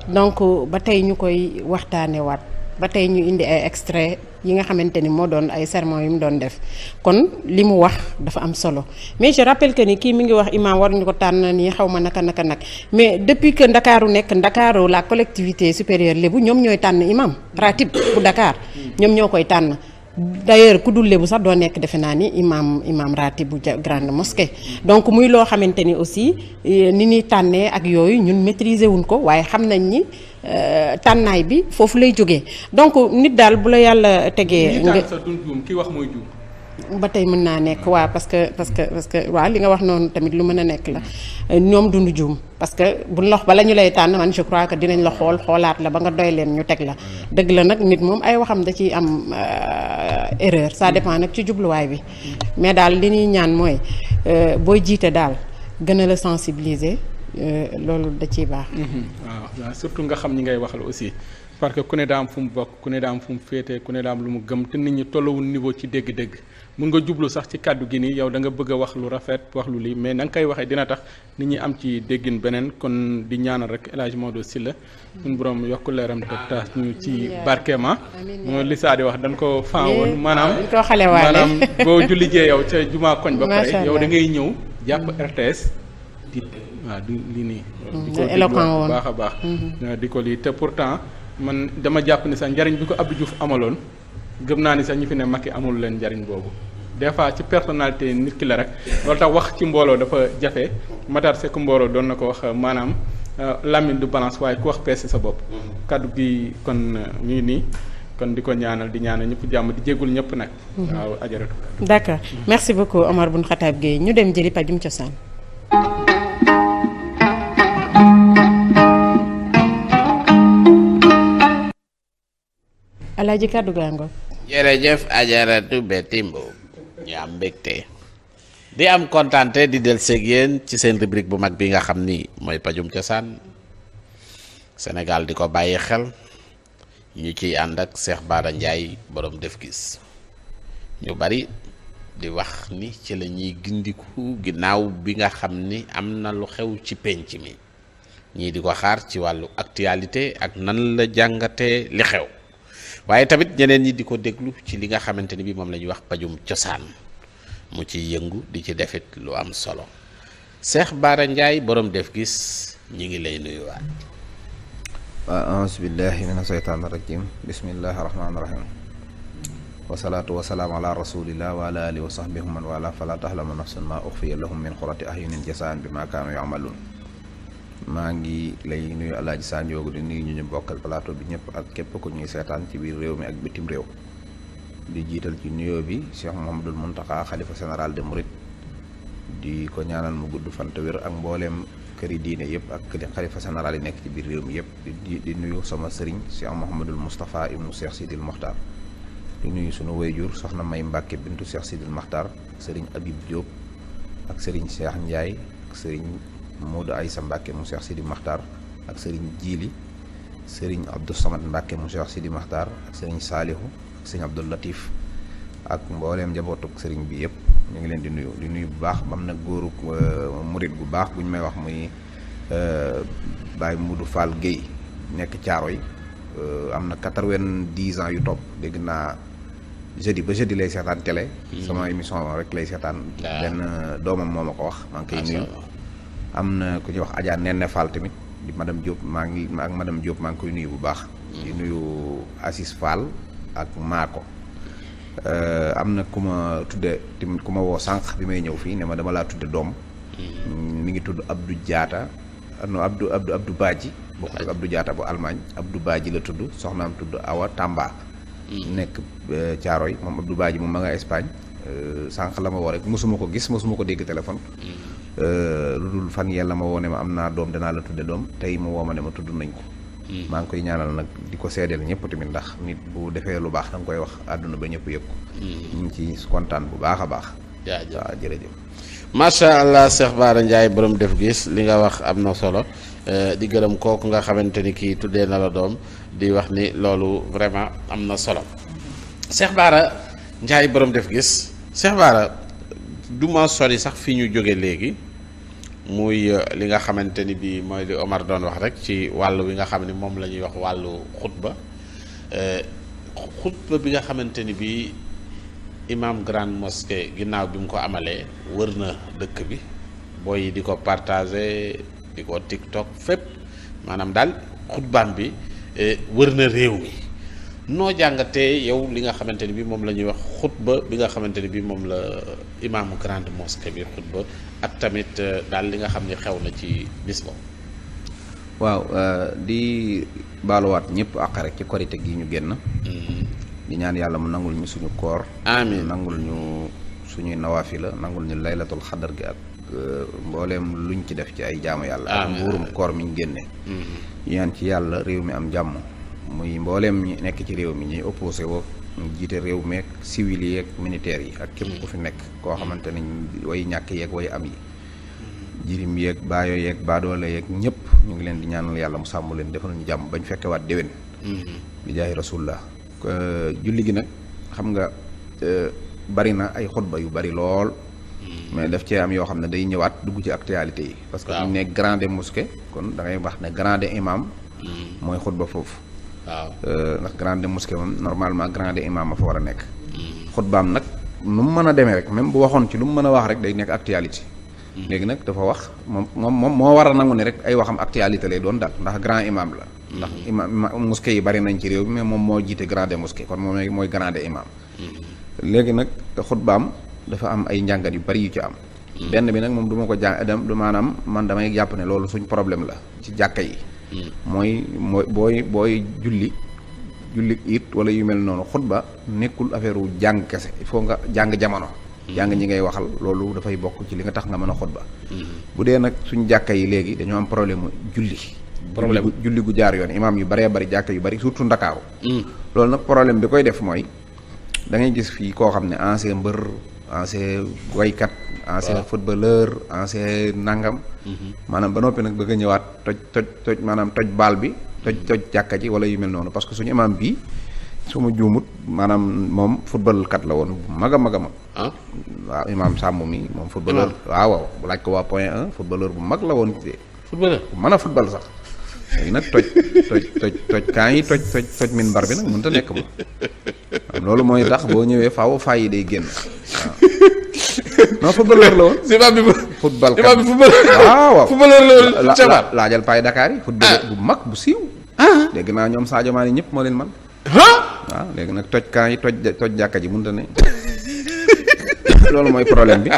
Speaker 2: donc ba tey ñu koy waxtaanee waat. ba tey ñu indi ay extrait yi nga xamante ni moo doon ay sermon yi mu doon def kon li mu wax dafa am solo mais je rappelle que ni kii mi ngi wax imam war ñu ko tànn nii xaw ma naka naka nag mais depuis que ndakaaru nekk ndakaaru la collectivité supérieure lébu ñoom ñooy tànn imam ratib bu Dakar ñoom ñoo koy tànn d'ailleurs ku dul lébu sax doo nekk defe naa ni imam imam ratib bu grande mosquée donc muy loo xamante ni aussi eh, ni ñuy tànnee ak yooyu ñun maîtriser wuñ ko waaye xam nañ ni Euh, tànnaay bi foofu lay jógee donc nit daal bu la yàlla tegee. nga
Speaker 1: ki wax mooy juum
Speaker 2: ba tey mën naa nekk waa parce que parce que parce que waa li nga wax noonu tamit lu mën a nekk la euh, ñoom dund juum parce que buñ lox bala ñu lay tànn man je crois que dinañ la xool xoolaat la ba nga doy leen ñu teg la dëgg la nag nit moom ay waxam da ciy am euh, erreur ça dépend nag ci jubluwaay bi mm. mais daal li ñuy ñaan mooy booy jiitee daal gën a la sensibiliser Euh, loolu da ciy baax.
Speaker 1: Mhm. Ah, waaw surtout nga xam ñi ngay waxal aussi parce que ku ne daa am mu bokk ku ne daa fu mu féete ku ne lu mu gëm te nit ñi tollawul niveau ci dégg-dégg mun nga jublu sax ci kàddu gi nii yow da nga bëgg a wax lu rafet wax lu lii mais nanga koy waxee dina tax nit ñi am ci déggin beneen kon di ñaanal rek El Hadj Maodo Sylla suñu borom yokk leeram te taas ñu ci barkeema ah. moo li saa di wax dañ ko fan woon maanaam maanaam boo julli jee yow ca jumaa koñ ba yow da ngay ñëw jàpp RTS tiit waaw du li nii mm-hmm. di ko déglu baax a baax mm-hmm. di ko lii te pourtant man dama jàpp ni sax njariñ bi ko Abdou Diouf amaloon gëm naa ni sax ñu fi ne Macky amul leen njariñ boobu des fois ci personnalité nit ki la rek loolu tax wax ci mbooloo dafa jafe Matar Seck mbooloo doon na ko wax maanaam euh, lamine du balance waaye ku wax peese sa bopp mm-hmm. kaddu gi kon ñu euh, ngi nii kon di ko ñaanal di ñaanal ñëpp jàmm di jégul ñëpp nag waaw ajaratu
Speaker 2: d'accord merci beaucoup Omar Bun Khatab Gueye Alaaji kàddu gaa ngoog
Speaker 4: jërëjëf ajaratu Betty Mbow ñu am mbégte di am kontante di del seeg yéen ci seen rubrique bu mag bi nga xam ni mooy pajum cosaan senegal di ko bàyyi xel ñu ciy ànd ak Cheikh Bara Ndiaye borom def gis ñu bari di wax ni ci la ñuy gindiku ginnaaw bi nga xam ni am na lu xew ci penc mi ñii di ko xaar ci wàllu actualité ak nan la jàngate li xew waaye tamit ñeneen ñi di ko déglu ci li nga xamante ni bi moom la ñuy wax pajum cosaan mu ci yëngu di ci defit lu am solo Cheikh Bara njaay boroom def gis
Speaker 3: ñi ngi lay nuyuwaat
Speaker 6: waaw aousubillahi min asheytaan irajim bismillahi rahmanirahim wasalaatu wasalaamu ala rasulillah wa ala alihi wa sahbihi man wala fala tahlamu nafsun ma uxfiya lahum min qurati ahyunin jasaan bi ma kaanu yamaluun maa ngi lay nuyu Alaaji Sanjoogu di nuyu ñu ñu bokkal plateau bi ñëpp ak képp ko ñuy seetaan ci biir réew mi ak bitim réew di jiital ci nuyoo bi Cheikh Mouhamadoul Mountakha xalifa général de Mouride di ko ñaanal mu gudd fanta ak mbooleem këri diine yëpp ak xalifa général yi nekk ci biir réew mi yëpp di di nuyu sama sëriñ Cheikh Mouhamadoul Moustapha ibnu Cheikh Sidil Mokhtar di nuyu sunu wayjur soxna May Mbàkke bintu Cheikh Sidil Mokhtar sëriñ Habib Diop ak sëriñ Cheikh Ndiaye sëriñ Modou Aïssa Mbacke mu Cheikh Sidi Makhtar ak sëriñ Jili sëriñ Abdou Samad Mbacke mu Cheikh Sidi Makhtar ak sëriñ Saalihu ak sëriñ Abdou Latif ak mbooleem njabootuk sëriñ bi yëpp ñu ngi leen di nuyu di nuyu bu baax am na góoru euh, murit bu baax bu ñu may wax muy euh, Baye Modou Fall Guèye nekk caaro yi euh, am na quatre-vingt-dix ans yu topp dégg naa jeudi ba jeudi lay seetaan télé. Hmm. sama émission rek lay seetaan. Ah. benn doomam moo ma ko wax. maa ngi nuyu am na ku ñuy wax Adja Nene Fall tamit di madame Diop maa ngi ak madame Diop maa ngi koy nuyu bu baax. di nuyu Assis Fall ak Maako. Euh, am na ku ma tudde tamit ku ma woo sànq bi may ñëw fii ne ma dama laa tudde doom. Mm. mi ngi tudd Abdou Diatta ah, non Abdou Abdou Abdou Badji. bokkul ak Abdou Diatta bu Allemagne Abdou Badji la tudd soxnaam tudd Awa Tamba. Mm. nekk Caaroy euh, moom Abdou Badji moom ma nga Espagne. Euh, sànq la ma woo rek mosuma ko gis mosuma ko dégg téléphone. Mm. Euh, lu dul fan yàlla ma woo ma am naa doom danaa la tudde doom tey mu woo ma ne ma tudd nañ ko. Hmm. maa ngi koy ñaanal nag di ko seedeel ñëpp tamit ndax nit bu defee lu baax danga koy wax àdduna ba ñëpp yëg ko. Hmm. ñu ngi ci kontaan bu baax a baax. jaajëf
Speaker 4: waaw macha allah Cheikh Bara Ndiaye borom def gis li nga wax am na solo euh, di gërëm kooku nga xamante ni kii tuddee na la doom di wax ni loolu vraiment am na solo. Cheikh Bara Ndiaye borom def gis Cheikh Bara du ma sori sax fi ñu jóge léegi. muy euh, li nga xamante ni bii mooy li Omar doon wax rek ci wàll wi nga xam ni moom la ñuy wax wàllu xutba euh, xutba bi nga xamante ni bii imam Grande Mosquée ginnaaw bi mu ko amalee wër na dëkk bi booy yi di ko partager di ko tik TikTok fépp maanaam daal xutbaam bi euh, wër na réew mi. noo jàngatee yow li nga xamante ni bi moom la ñuy wax xutba bi nga xamante ni bi moom la imaamu grande mosquée bi xutba ak tamit euh, daal li nga xam ne xew na ci bis boobu
Speaker 6: waaw euh, di baaluwaat ñëpp àq rek ci korite gi ñu génn mm-hmm. di ñaan yàlla mu nangul ñu suñu koor amiin nangul ñu suñuy nawaafi la nangul ñu laylatul xadar gi ak euh, mbooleem luñ ci def ci ay jaamu yàlla ak mbuurum koor mi ñu génne mm-hmm. ñaan ci yàlla réew mi am jàmm muy mbooleem ñi nekk ci réew mi ñuy opposé woo jiite réew meek siwil yi ak militaire yi ak képp ku fi nekk koo xamante ne way ñàkk yeeg way am yi jirim yeeg baayoo yeeg baadoole yeeg ñëpp ñu ngi leen di ñaanal yàlla mu sàmm leen defal ñu jàmm bañ fekkewaat déwén mm-hmm. bi jaay rasulullah julli gi nag xam nga bari na ay xutba yu bari lool mm-hmm. mais daf cee am yoo xam ne day ñëwaat dugg ci actualité yi parce que ñu ne grande mosquée kon da ngay wax ne grande imam mm-hmm. mooy xutba foofu waaw euh, ndax grande mosquée moom normalement grande imam a fa war a nekk. xutbaam nag nu mu mën a demee rek même bu waxoon ci lu mu mën a wax rek day nekk actualité. Hmm. léegi nag dafa wax moom moom moo war a nangu ne rek ay waxam actualité lay doon daal ndax grand imam la. Hmm. ndax imam mosquée yi bari nañ ci réew bi mais moom moo jiite grande mosquée kon moom mooy grande imam. Hmm. léegi nag xutbaam dafa am ay njàngat yu bari yu ci am. benn bi nag moom duma ko jàng dem du maanaam man damay jàpp ne loolu suñ problème la ci jàkka yi. mooy mooy booy booy julli julli it wala yu mel noonu xutba nekkul affaire wu jàng kese il faut nga jàng jamono jàng ñi ngay waxal loolu dafay bokk ci li nga tax nga mën a xutba bu dee nag suñ jàkka yi léegi dañoo am problème julli problème julli gu jaar yoon imaam yu baree bari jàkka yu bari surtout ndakaaru loolu nag problème bi koy def mooy da ngay gis fii koo xam ne ancien mbër ancien waykat ancien footballeur ancien nangam. Mhm. maanaam ba noppi nag bëgg ñëwaat toj toj toj maanaam toj baal bi. toj toj jàkka ji wala yu mel noonu parce que suñu imaam bii su ma juumut maanaam moom football kat la woon bu mag a mag a mag. a ah. waaw imaam Samb mi moom. footballeur waaw waaw bu laaj ko waa point footballeur bu mag la woon. footballeur mën a football sax. léegi nag toj kaa yi toj toj toj minbar bi nag mënut nekk moom loolu mooy tax boo ñëwee faaw faa yi day génn waaw non footballeur la woon. imaam bi football kat imaam bi footballeur. Ah, waaw waaw la woon. Chabar laajal Paye Dakar yi. footballeur ah. bu mag bu siiw. Ah. dégg naa ñoom Sadio Mané ñëpp moo leen man waaw léegi nag toj kaa yi toj toj jàkka ji mënut a loolu mooy problème bi.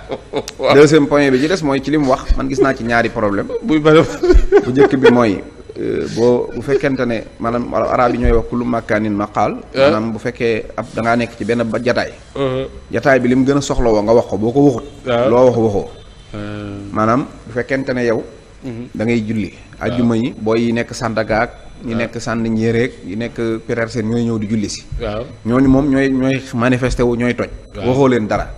Speaker 6: deuxième point bi ci des mooy ci li mu wax man gis naa ci ñaari problème. bu njëkk bi mooy. Euh, boo bu fekkente ne maanaam arab yi ñooy wax kullu makaanin maqaal eh? maanaam bu fekkee ab da nekk ci benn ba jataay uh-huh. jataay bi li mu gën a soxla woo nga wax ko boo ko waxut eh? loo wax waxoo eh? maanaam bu fekkente ne yow
Speaker 5: mm-hmm.
Speaker 6: da ngay julli ajjuma yi booy yi nekk sàndagaak ñi nekk sànd njéeréeg yi nekk pérer seen ñooy ñëw di julli si ñooñu moom ñooy ñooy manifesté wu ñooy toj waxoo leen dara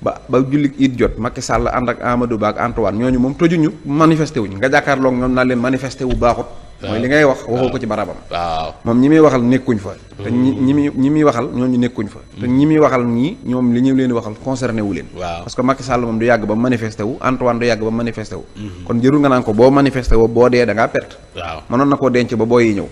Speaker 6: ba ba jullit it jot Macky Sall ànd ak Amadou Ba ak Antoine ñooñu moom tojuñu manifesté wuñu nga jàkkaarloog ñoom naa leen manifesté baaxut. mooy li ngay wax waxoo ko ci barabam. moom ñi muy waxal nekkuñ fa. te ñi mm. ñi muy ñi muy waxal ñooñu nekkuñ fa. te mm. ñi muy waxal ñii ñoom li ñuy leen waxal concerné wu leen. waaw parce que Macky Sall moom du yàgg ba manifesté wu Antoine du yàgg ba manifesté mm-hmm. kon jërul nga naan ko boo manifesté woo boo dee da perte. waaw mënoon na ko denc ba booy yi ñëw.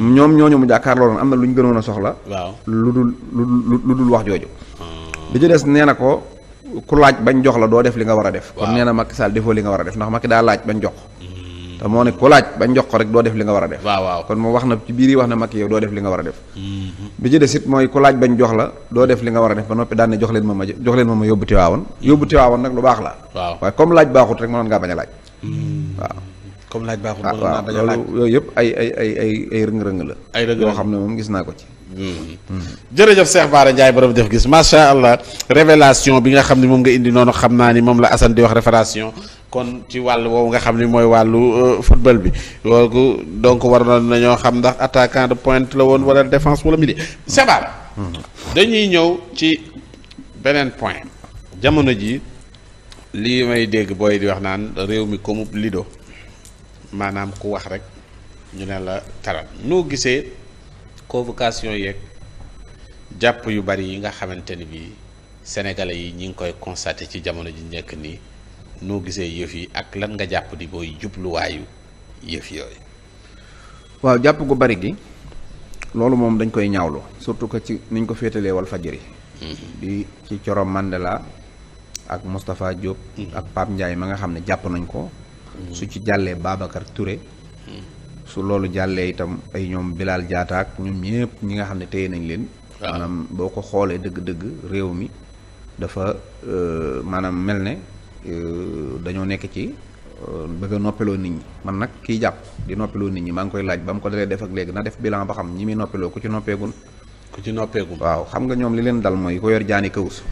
Speaker 6: Mm-hmm. mu jàkkaarloo am na lu ñu gënoon a soxla. waaw lu dul lu dul dul wax jooju. Ah. ku laaj bañ jox la doo def li nga war a def kon nee na Macky Sall defoo li nga war a def ndax Macky daa laaj bañ jox te moo ne ku laaj bañ jox ko rek doo def li nga war a def waaw waaw a def mm-hmm. bi ci des it mooy ku laaj bañ jox la doo def li nga war a def ba noppi daan ne jox leen ma ma jox leen ma ma yóbbu tiwaawoon mm-hmm. yóbbu tiwaawoon nag lu baax la waaye comme laaj baaxut rek mënoon ngaa bañ a laaj mm-hmm. waaw
Speaker 4: comme laaj ah, yëpp ay ay ay ay rëng-rëng la yoo xam ne moom gis naa
Speaker 5: ko ci Hmm.
Speaker 4: jërëjëf Cheikh Bara Ndiaye borom def gis macha allah révélation bi nga xam ne moom nga indi noonu xam naa ni moom la Assane di wax révélation kon ci wàll woowu nga xam ne mooy wàllu euh, football bi loolu donc war na ñoo xam ndax attaquant de pointe la woon wala défense wala milieu Cheikh Bara hmm. dañuy ñëw ci beneen point jamono ji lii may dégg booy di wax naan réew mi comme lido maanaam ku wax rek ñu ne la taral noo gisee. convocation yeeg jàpp yu bari yi nga xamante ni bii sénégalais yi ñu ngi koy constaté ci jamono ji nekk nii noo gisee yëf yi ak lan nga jàpp di booy jubluwaayu yëf yooyu.
Speaker 6: waaw jàpp gu bari gi loolu moom dañ koy ñaawlu surtout que ci niñ ko féetalee wal fajiri mm-hmm. di ci Coro Mandela ak Moustapha Diop. Mm-hmm. ak Pape Ndiaye ma nga xam ne jàpp nañ ko. Mm-hmm. su ci jàllee Babacar Touré. su loolu jàllee itam ay ñoom Bilal Diatta ak ñoom ñëpp ñi nga xam ne téye nañ leen. Ah. maanaam boo ko xoolee dëgg-dëgg réew mi dafa euh, maanaam mel ne euh, dañoo nekk ci euh, bëgg a noppaloo nit ñi man nag kiy jàpp di noppaloo nit ñi maa ngi koy laaj ba mu ko dalee def ak léegi na def bilan ba xam ñi muy noppaloo ku ci noppeegun. ku ci noppeegun waaw xam nga ñoom li leen dal mooy ko yor jaani kawus.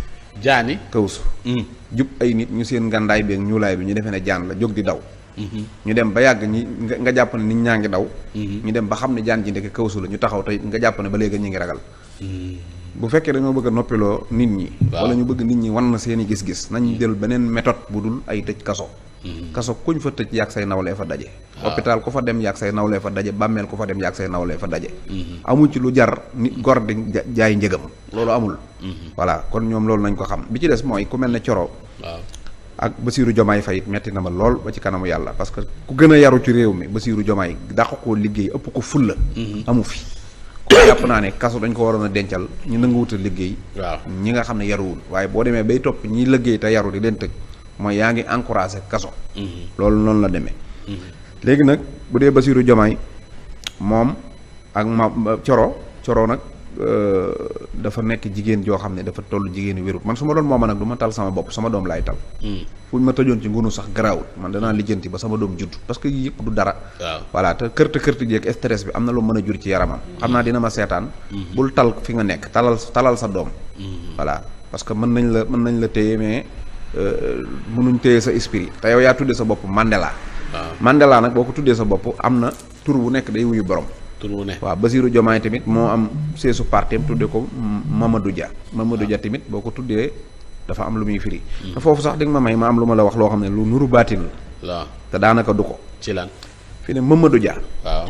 Speaker 6: jaani kawus. Mm. jub ay nit ñu seen ngàndaay bi ak ñuulaay bi ñu defee ne jaan la jóg di daw. ñu dem ba yàgg ñi nga jàpp nit ñaa ngi daw mm-hmm. ñu dem ba xam ne jaan ji ndeke kawsu la ñu taxaw tey nga jàpp ne ba léegi ñu ngi ragal mm-hmm. bu fekkee dañoo bëgg a noppiloo nit ñi wala ñu bëgg nit ñi wan na seeni gis-gis nañ mm-hmm. jël beneen méthode bu dul ay tëj kaso kaso kuñ fa tëj yàgg say nawlee fa daje hôpital ku fa dem yàgg say nawlee fa daje bàmmeel ku fa dem yàgg say nawlee fa daje amul ci lu jar nit gor di jaay njëgam loolu amul voilà kon ñoom loolu nañ ko xam bi ci des mooy ku mel ne coro ak Bassirou Diomaye Faye it metti na ma lool ba ci kanamu yàlla parce que ku gën a yaru ci réew mi Bassirou Diomaye dàq ko liggéey ëpp ko fulla mm-hmm. amu fi kon jàpp naa ne kaso dañ ko waroon a dencal ñu nanguwut a liggéey waaw ñi nga xam ne yaruwul waaye boo demee bay topp ñi liggéey te yaru di leen tëj mooy yaa ngi encouragé kaso mm-hmm. loolu noonu la demee mm-hmm. léegi nag bu dee Bassirou Diomaye moom ak ma coro coro nag Euh, dafa nekk jigéen joo xam ne dafa tollu jigéen yu wérut man su ma doon mooma nag du ma tal sama bopp sama doom laay tal hmm. fu ma tëjoon ci ngunu sax garaawul man danaa lijjanti ba sama doom judd parce que yëpp du dara voilà te kërte kërte jeeg stress bi am na loo mën a jur ci yaramam xam naa dina ma seetaan hmm. bul tal fi nga nekk talal talal sa doom hmm. voilà parce que mën nañ la mën nañ la téye mais euh, mënuñ téye sa esprit te yow yaa tuddee sa bopp Mandela Mandela nag boo ko tuddee sa bopp am na tur bu nekk day wuyu borom tur wu ne waaw Basirou Diomaye tamit moo am seesu parti am tudde ko Mamadou Dia Mamadou Dia tamit boo ko tuddee dafa am lu muy firi te foofu sax di ma may ma am lu ma la wax loo xam ne lu nuru baatin la te daanaka du ko ci lan fi ne Mamadou Dia waaw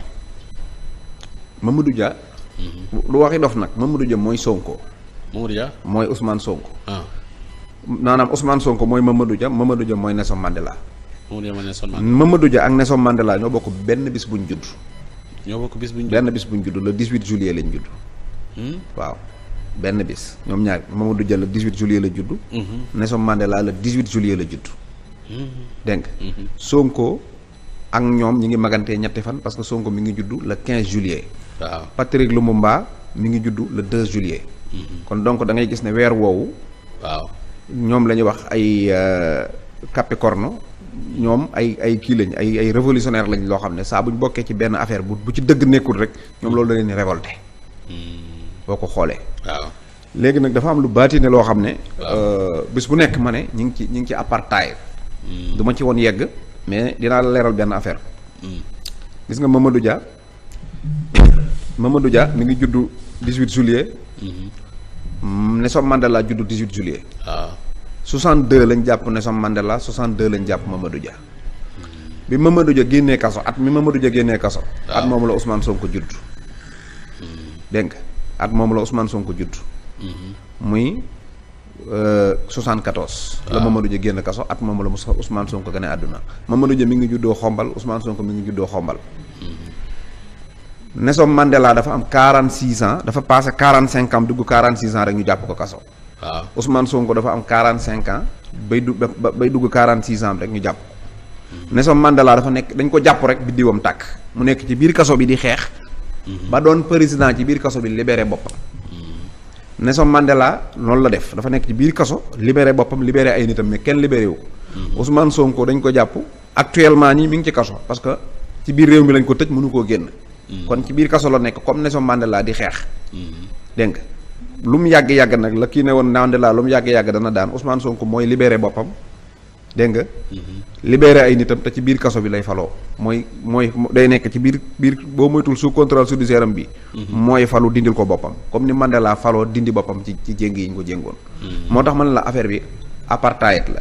Speaker 6: Mamadou Dia mhm. lu waxi dof nag Mamadou Dia mooy Sonko Mamadou Dia mooy Ousmane Sonko maanaam ah. Ousmane Sonko mooy Mamadou Dia Mamadou Dia mooy Nelson Mandela Mamadou Dia ak Nelson Mandela ñoo bokk benn bis buñ judd
Speaker 4: ñoo bokk bis benn
Speaker 6: bis bu ñu judd le 18 juillet lañ judd. Hmm? waaw benn bis ñoom ñaar Mamadou Dia le 18 juillet la judd. Hmm. Nelson la le 18 juillet la judd. Hmm. dégg nga. Sonko ak ñoom ñi ngi magantee ñetti fan parce que Sonko mi ngi judd le 15 juillet. lu Patrick mbaa mi ngi juddu le 2 juillet. kon donc da ngay gis ne weer woowu. waaw ñoom la wax ay euh, Capricorne. ñoom ay ay kii lañ ay ay révolutionnaire lañ loo xam ne saa bu ñu bokkee ci benn affaire bu bu ci dëgg nekkul rek ñoom hmm. loolu da leen di révolté hmm. boo ko xoolee waaw léegi nag dafa am lu baati ne loo xam ne euh, bis bu nekk ma ne ñu ngi ci ñu ngi ci apartheid hmm. du ci woon yegg mais dinaa leeral benn affaire gis nga Mamadou Dia Mamadou Dia mi ngi juddu 18 juillet Nelson Mandela juddu 18 juillet waaw 62 lañ jàpp Nelson Mandela 62 lañ jàpp Mamadou ja bi Mamadou Dia génnee kaso at mi Mamadou Dia génnee kaso. at moom la Ousmane Sonko judd. Mm-hmm. dégg nga at moom la Ousmane Sonko judd. Mm-hmm. muy 74. Euh, la ah. Mamadou Dia génn kaso at moom la mu Ousmane Sonko gane àdduna Mamadou Dia mi ngi juddoo xombal Ousmane Sonko mi ngi juddoo xombal. Mm-hmm. Nelson Mandela dafa am 46 ans dafa passé 45 ans dugg 46 ans rek ñu jàpp ko kaso. waaw Ousmane Sonko dafa am quarante 45 ans bay du ba bay dugg 46 ans rek ñu jàpp ko. Nelson Mandela dafa nekk dañ ko jàpp rek biddiwam tàkk mu nekk ci biir kaso bi di xeex. Mhm. ba doon président ci biir kaso bi libéré boppam. Mhm. Nelson Mandela loolu la def dafa nekk ci biir kaso libéré boppam libéré ay nitam mais kenn libéré wu ko. Mhm. Ousmane Sonko dañ ko jàpp actuellement nii mi ngi ci kaso parce que ci biir réew mi lañ ko tëj mënu koo génn. kon ci biir kaso la nekk comme Nelson Mandela di xeex. dégg lu mu yàgg-yàgg nag la kii ne woon Mandela lu mu yàgg-yàgg dana daan Ousmane Sonko mooy libere boppam dégg nga. Mhm. libéré ay nitam te ci biir kaso bi lay faloo mooy mooy day nekk ci biir biir boo moytul sous contrôle su am bi mhm. mooy falu dindil ko boppam comme ni Mandela faloo dindi boppam ci ci jéng yi ñu ko jéngoon mhm. moo tax man la affaire bi apartheid la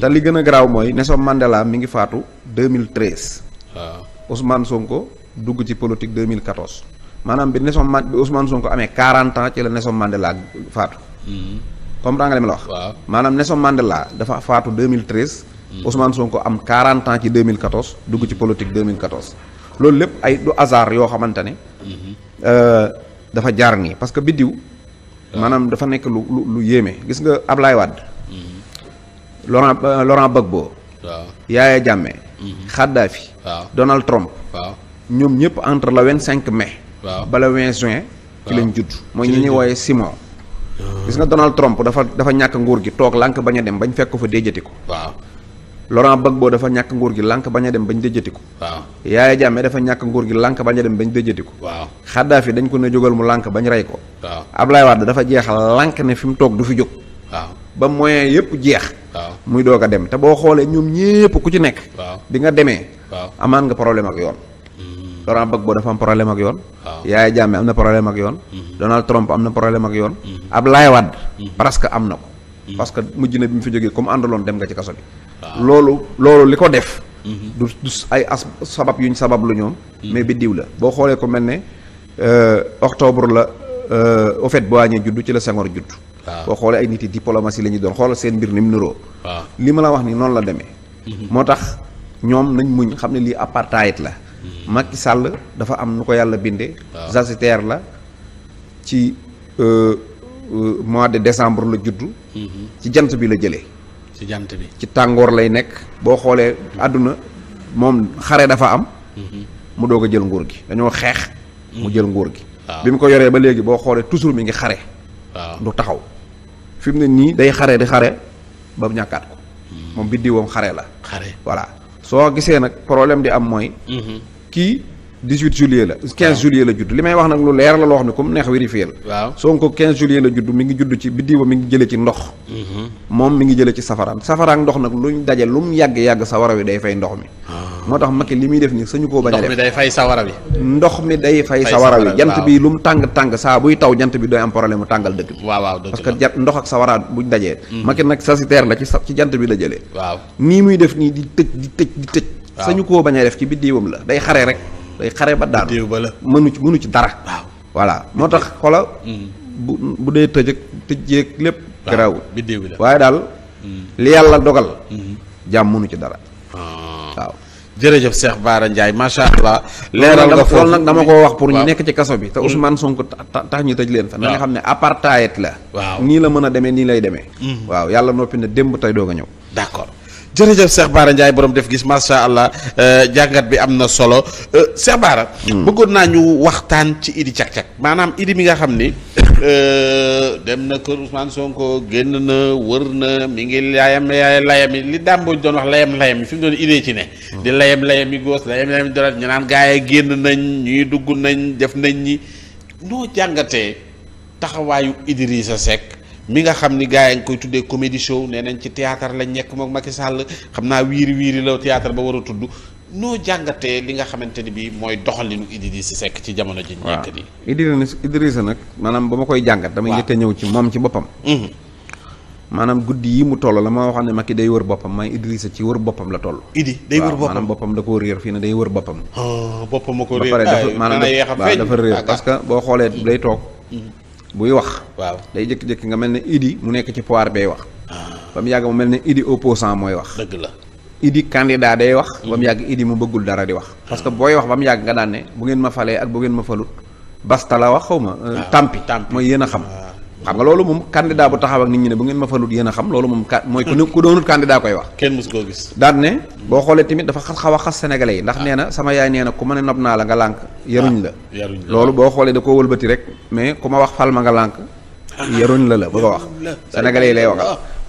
Speaker 6: te li gën a garaaw mooy Nelson Mandela mi ngi faatu 2013 waaw Ousmane Sonko dugg ci politique 2014 maanaam bi Nelson Mandela bi Ousmane Sonko amee 40 ans ci la Nelson Mandela faatu. Mhm. comprendre nga li ma la wax. waaw maanaam Nelson Mandela dafa faatu 2013. Mhm. Ousmane Sonko am 40 ans ci 2014 dugg ci politique 2014. loolu lépp ay du hasard yoo xamante ne. Mhm. Euh, dafa jaar nii parce que biddiw. maanaam dafa nekk lu lu yéeme gis nga Ablaye Wade. Laurent euh, Laurent Gbagbo. waaw Yaya Jammeh. Khadafi. waaw Donald Trump. ñoom ñëpp entre le 25 mai. waaw bala 20 juin. ci lañ judd mooy ñi ñuy wooyee Simon. Ah. gis nga Donald Trump dafa dafa ñàkk nguur gi toog lànk bañ a dem bañ fekk fa déjati ko. waaw Laurent Gbagbo dafa ñàkk nguur gi lànk bañ a dem bañ déjati ko. waaw Yaya Jammeh dafa ñàkk nguur gi lànk bañ a dem bañ déjati ko. waaw Xaddaafi dañ ko ne jógal mu lànk bañ rey ko. waaw Ablaye Wade dafa jeexal lànk ne fi mu toog du fi jóg. waaw ba moyen yëpp jeex. muy doog a dem te boo xoolee ñoom ñëpp ku ci nekk. waaw bi nga demee. amaan nga problème ak yoon. Laurent Gbagbo dafa am problème ak yoon. waaw Yaya Jammeh am na problème yoon. Mhm. Donald Trump am na problème ak yoon. Mhm. Ablaye Wade. Mhm. parce que am na ko. parce que mujj na bi mu fi jógee comme àndaloon dem nga ci kaso bi. loolu loolu li ko def. du du ay as sabab yuñ sabab lu ñoom. mais biddiw la boo xoolee ko mel ne euh, octobre la euh, au fait boo añee juddu ci la Senghor juddu. boo xoolee ay nit yi diplomatie la ñu doon xoolal seen mbir ni mu niroo. li ma la wax ni noonu la demee. moo tax ñoom nañ muñ xam ne lii apartheid la. Macky sàll dafa am nu ko yàlla bindee. waaw la ci euh, euh, mois de décembre la juddu. Mhm. ci jant bi la jëlee. ci jant bi ci tàngoor lay nekk. boo xoolee mhm. àdduna moom xare dafa am. Mhm. mu doog a jël nguur gi dañoo xeex. mu jël nguur gi. bi mu ko yoree ba léegi boo xoolee toujours mi ngi xare. du taxaw fi mu ne nii day xare di xare ba ñàkkaat ko. moom biddiwoom xare la. xare voilà soo gisee nag problème di am mooy. Mhm. kii 18 juillet la 15 juillet la judd li may wax nag lu leer la loo xam ne comme neex vérifié la waaw Sonko 15 juillet la mi ngi judd ci biddiw ba mi ngi jële mhm. moom mi ngi jële ci safaraan safaraak ndox nag luñ daje lu mu yàgg-yàgg sawara wi day fay ndox mi ah. moo tax Macky li muy def nii sañu koo bañ a def day fay sawara ndox mi day fay sawara wi jant lu mu tàng-tàng saa buy taw jant bi doy problème mu tàngal dëkk bi waaw que jant ndox ak sawara buñ dajee mhm. Macky nag sagittaire la ci ci jant bi la jëlee waaw nii muy def nii di tëj tëj di tëj koo bañ a def ci biddiwam la day xare rek day xare ba daanu mënu ci mënu ci dara voilà moo tax xola mm. bu bu dee tëj ak tëj jeeg lépp garaawul waaye daal mm. li yàlla dogal jàmm mm-hmm. mënu ci dara ah. waaw jërëjëf Cheikh Bara Ndiaye macha allah. leeral nga foofu loolu nag dama ko wax pour ñu nekk ci kaso bi. te mm. Ousmane Sonko tax ñu tëj leen fa. na xam ne apartheid la. waaw nii la mën a demee nii lay demee. waaw yàlla noppi na démb
Speaker 4: tey doog a ñëw. jërëjëf Cheikh Bara boroom borom def gis macha allah euh, jàngat bi am na solo euh, Cheikh hmm. bëggoon naa ñu waxtaan ci Idi Cag Cag maanaam Idi mi nga xam ni euh, dem na kër Ousmane Sonko génn na wër na mi ngi layam layam yi li dàmboo doon wax layam layam yi fi mu doon idée ci ne. Hmm. di layam layam yi góos layam layam yi doon ñu naan gars génn nañ ñuy dugg nañ def nañ ñi noo jàngatee taxawaayu Idrissa Seck. mi nga xam ni gaa yi ngi koy tuddee comédie show nee nañ ci théâtre lañ nekk moom Macky Sall xam naa wiiri wiiri la théâtre ba war a tudd noo jàngatee li nga xamante ni bii mooy doxalinu Idrissa sekk ci jamono ji. waaw nekk
Speaker 6: nii Idrissa nag maanaam ba ma koy jàngat. dama njëkk a ñëw ci moom ci boppam. Mm-hmm. maanaam guddi yi mu toll la ma waxoon ne Macky day wër boppam may Idrissa ci wër boppam la toll. Idi day wër boppam boppam fii ne day wër boppam.
Speaker 5: Ah, boppam ma
Speaker 4: ko réer ba pare dafa maanaam dafa réer
Speaker 6: parce que boo xoolee day toog. Mm-hmm. buy wax. waaw day jékki-jékki nga mel ne Idi mu nekk ci pouvoir bay wax. Ah. ba mu yàgg mu mel ne Idi opposant mooy wax. dëgg la Idi candidat day wax. ba mu mm-hmm. yàgg Idi mu bëggul dara di wax. parce que ah. booy wax ba mu yàgg nga daan ne bu ngeen ma falee ak bu ngeen ma falut basta la wax xaw ma. Euh, ah, tampi tampi mooy yéen a xam. xam nga loolu moom candidat bu taxaw ak nit ñi ne bu ngeen ma falut yéen a xam loolu moom ka mooy ku doonut candidat koy wax kenn ne boo xoolee tamit dafa xas xaw a xas sénégalais yi ndax nee na sama yaay nee na ku ma ne nob naa la nga lànk ah, yaruñ la loolu boo xoolee da koo wëlbati rek mais ku ma wax fal ma nga lànk yaruñ la la ba ko wax
Speaker 5: sénégalais yi lay wax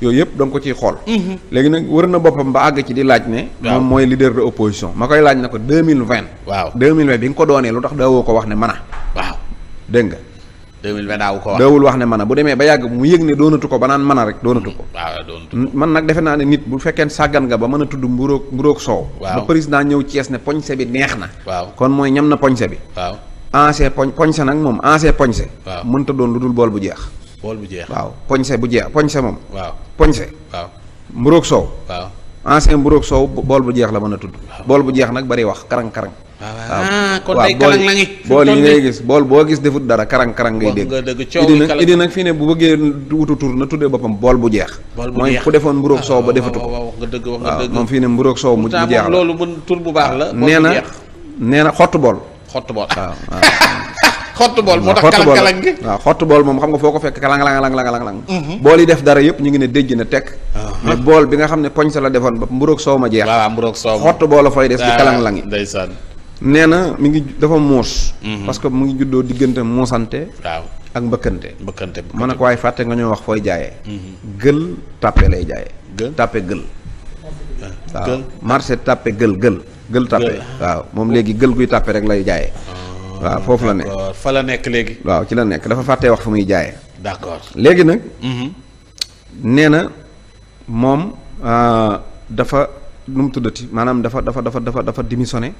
Speaker 6: yooyu yëpp da nga ko ciy xool mhm. léegi nag wër na boppam ba àgg ci di laaj ne moom mooy leader de ma laaj na ko 2020 waaw 2020 bi nga ko doonee lu tax daawoo ko wax ne a nga
Speaker 4: 2020 daawu ko wax daawul wax
Speaker 6: ne mën a bu demee ba yàgg mu yëg ne doonatu ko ba naan mën a rek doonatu ko waaw man nag defe naa ne nit bu fekkeen sàggan nga ba mën a tudd mburóog mburóog soow ba naa ñëw Thiès ne poñse bi neex na waaw kon mooy ñam na poñse bi waaw poñ poñse nag moom ancien poñse mënta doon lu dul bool bu jeex
Speaker 4: bool bu jeex waaw
Speaker 6: poñse bu jeex poñse moom waaw poñse waaw mburóog soow waaw ancien soow bool bu jeex la mën a tudd bool bu jeex nag bari wax karang-karang
Speaker 5: Ah, ah, ah, waaw kon day karang la bool yi ngay gis
Speaker 6: bool boo gis defut dara karang karang ngay dégg idi nag fii ne bu bëggee wutu tur na tuddee boppam bool bu jeex mooy ku defoon mburóog soow ba defatu ko
Speaker 4: waaw moom
Speaker 6: fii ne mburóog soow mu bu jeex loolu bu
Speaker 4: tur bu baax la nee na
Speaker 6: nee na xottu bool xottu bool waaw waaw
Speaker 4: xottu bool moo tax kalang kalang gi
Speaker 6: waaw xottu moom xam nga foo ko fekk kalang lang lang lang lang bool yi def yëpp ñu ngi ne déjj na tekk bool bi nga xam ne poñ sa la defoon ba mburóog soow ma jeex xottu bool a fay des di kalang langi nee na mi ngi dafa muus. Mhm. parce que mu ngi juddoo diggante muusante. waaw ak mbëkkante. mbëkkante mën na ko waaye fàtte nga ñoo wax fooy jaayee. Mhm. gël tàppe lay jaayee. gël tàppe gël. waaw marché tàppe gël gël. gël tàppe waaw moom léegi gël guy tàppe rek lay jaayee. Ah, waaw foofu la nekk
Speaker 4: fa la nekk léegi.
Speaker 6: waaw ci la nekk dafa fàtte wax fu muy jaayee. d'accord léegi nag. Mhm. nee na moom ah, dafa nu mu tuddati maanaam dafa dafa dafa dafa dafa démissionné.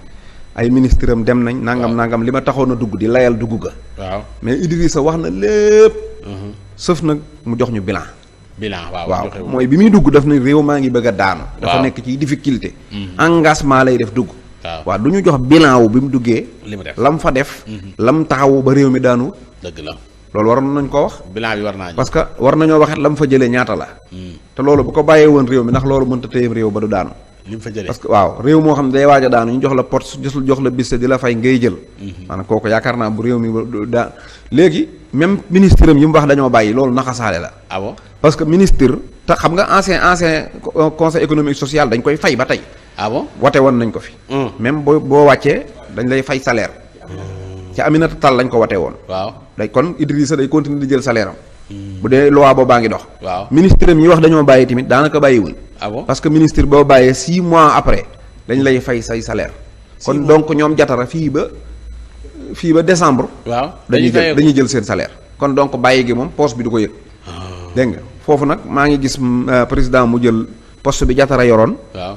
Speaker 6: ay ministre am dem nañ. nangam nangam li ma taxoon a dugg di layal dugg ga. waaw mais Idrissa wax na lépp. Mhm. sëf nag mu jox ñu bilan.
Speaker 4: bilan waaw waaw mooy bi
Speaker 6: muy dugg daf na réew maa ngi bëgg a daanu. dafa nekk ci difficulté. Mhm. engagement lay def dugg. waaw du ñu jox bilan wu bi mu duggee. li mu def lam fa def. Mhm. lam taxawu ba réew mi daanu. dëgg la loolu waroon nañ ko wax.
Speaker 4: bilan bi war naa parce
Speaker 6: que war nañoo waxet mu fa jële ñaata la. te loolu bu ko bàyyee woon réew mi ndax loolu mënta téye réew ba du daanu. li mu fa jëlee parce que waaw réew moo xam ne day waaj a daanu ñu jox la porte josul jox la biste di la fay ngay jël. Mhm. maanaam kooku yaakaar naa bu réew mi daa léegi même ministre am yi mu wax dañoo bàyyi loolu naxasaale la. ah bon parce que ministre te xam nga ancien ancien conseil économique social dañ koy fay ba tey. ah bon wate woon nañ ko fi. Mm. même boo boo wàccee dañ lay fay salaire. ca Aminata Tall lañ ko wate woon. waaw day kon Idrissa day continuer di jël salaire am. Hmm. bu dee loi boobaa ngi dox. waaw ministre ñi wax dañoo bàyyi tamit daanaka bàyyiwul. ah bon parce que ministre boo bàyyee six mois après dañ lay fay say salaire. kon donc ñoom jatara fii ba fii ba décembre. waaw dañuy jël dañuy jël seen salaire. kon donc bàyyi gi moom poste bi du ko yëg. Ah. dégg nga foofu nag maa ngi gis euh, président mu jël post bi jatara yoroon.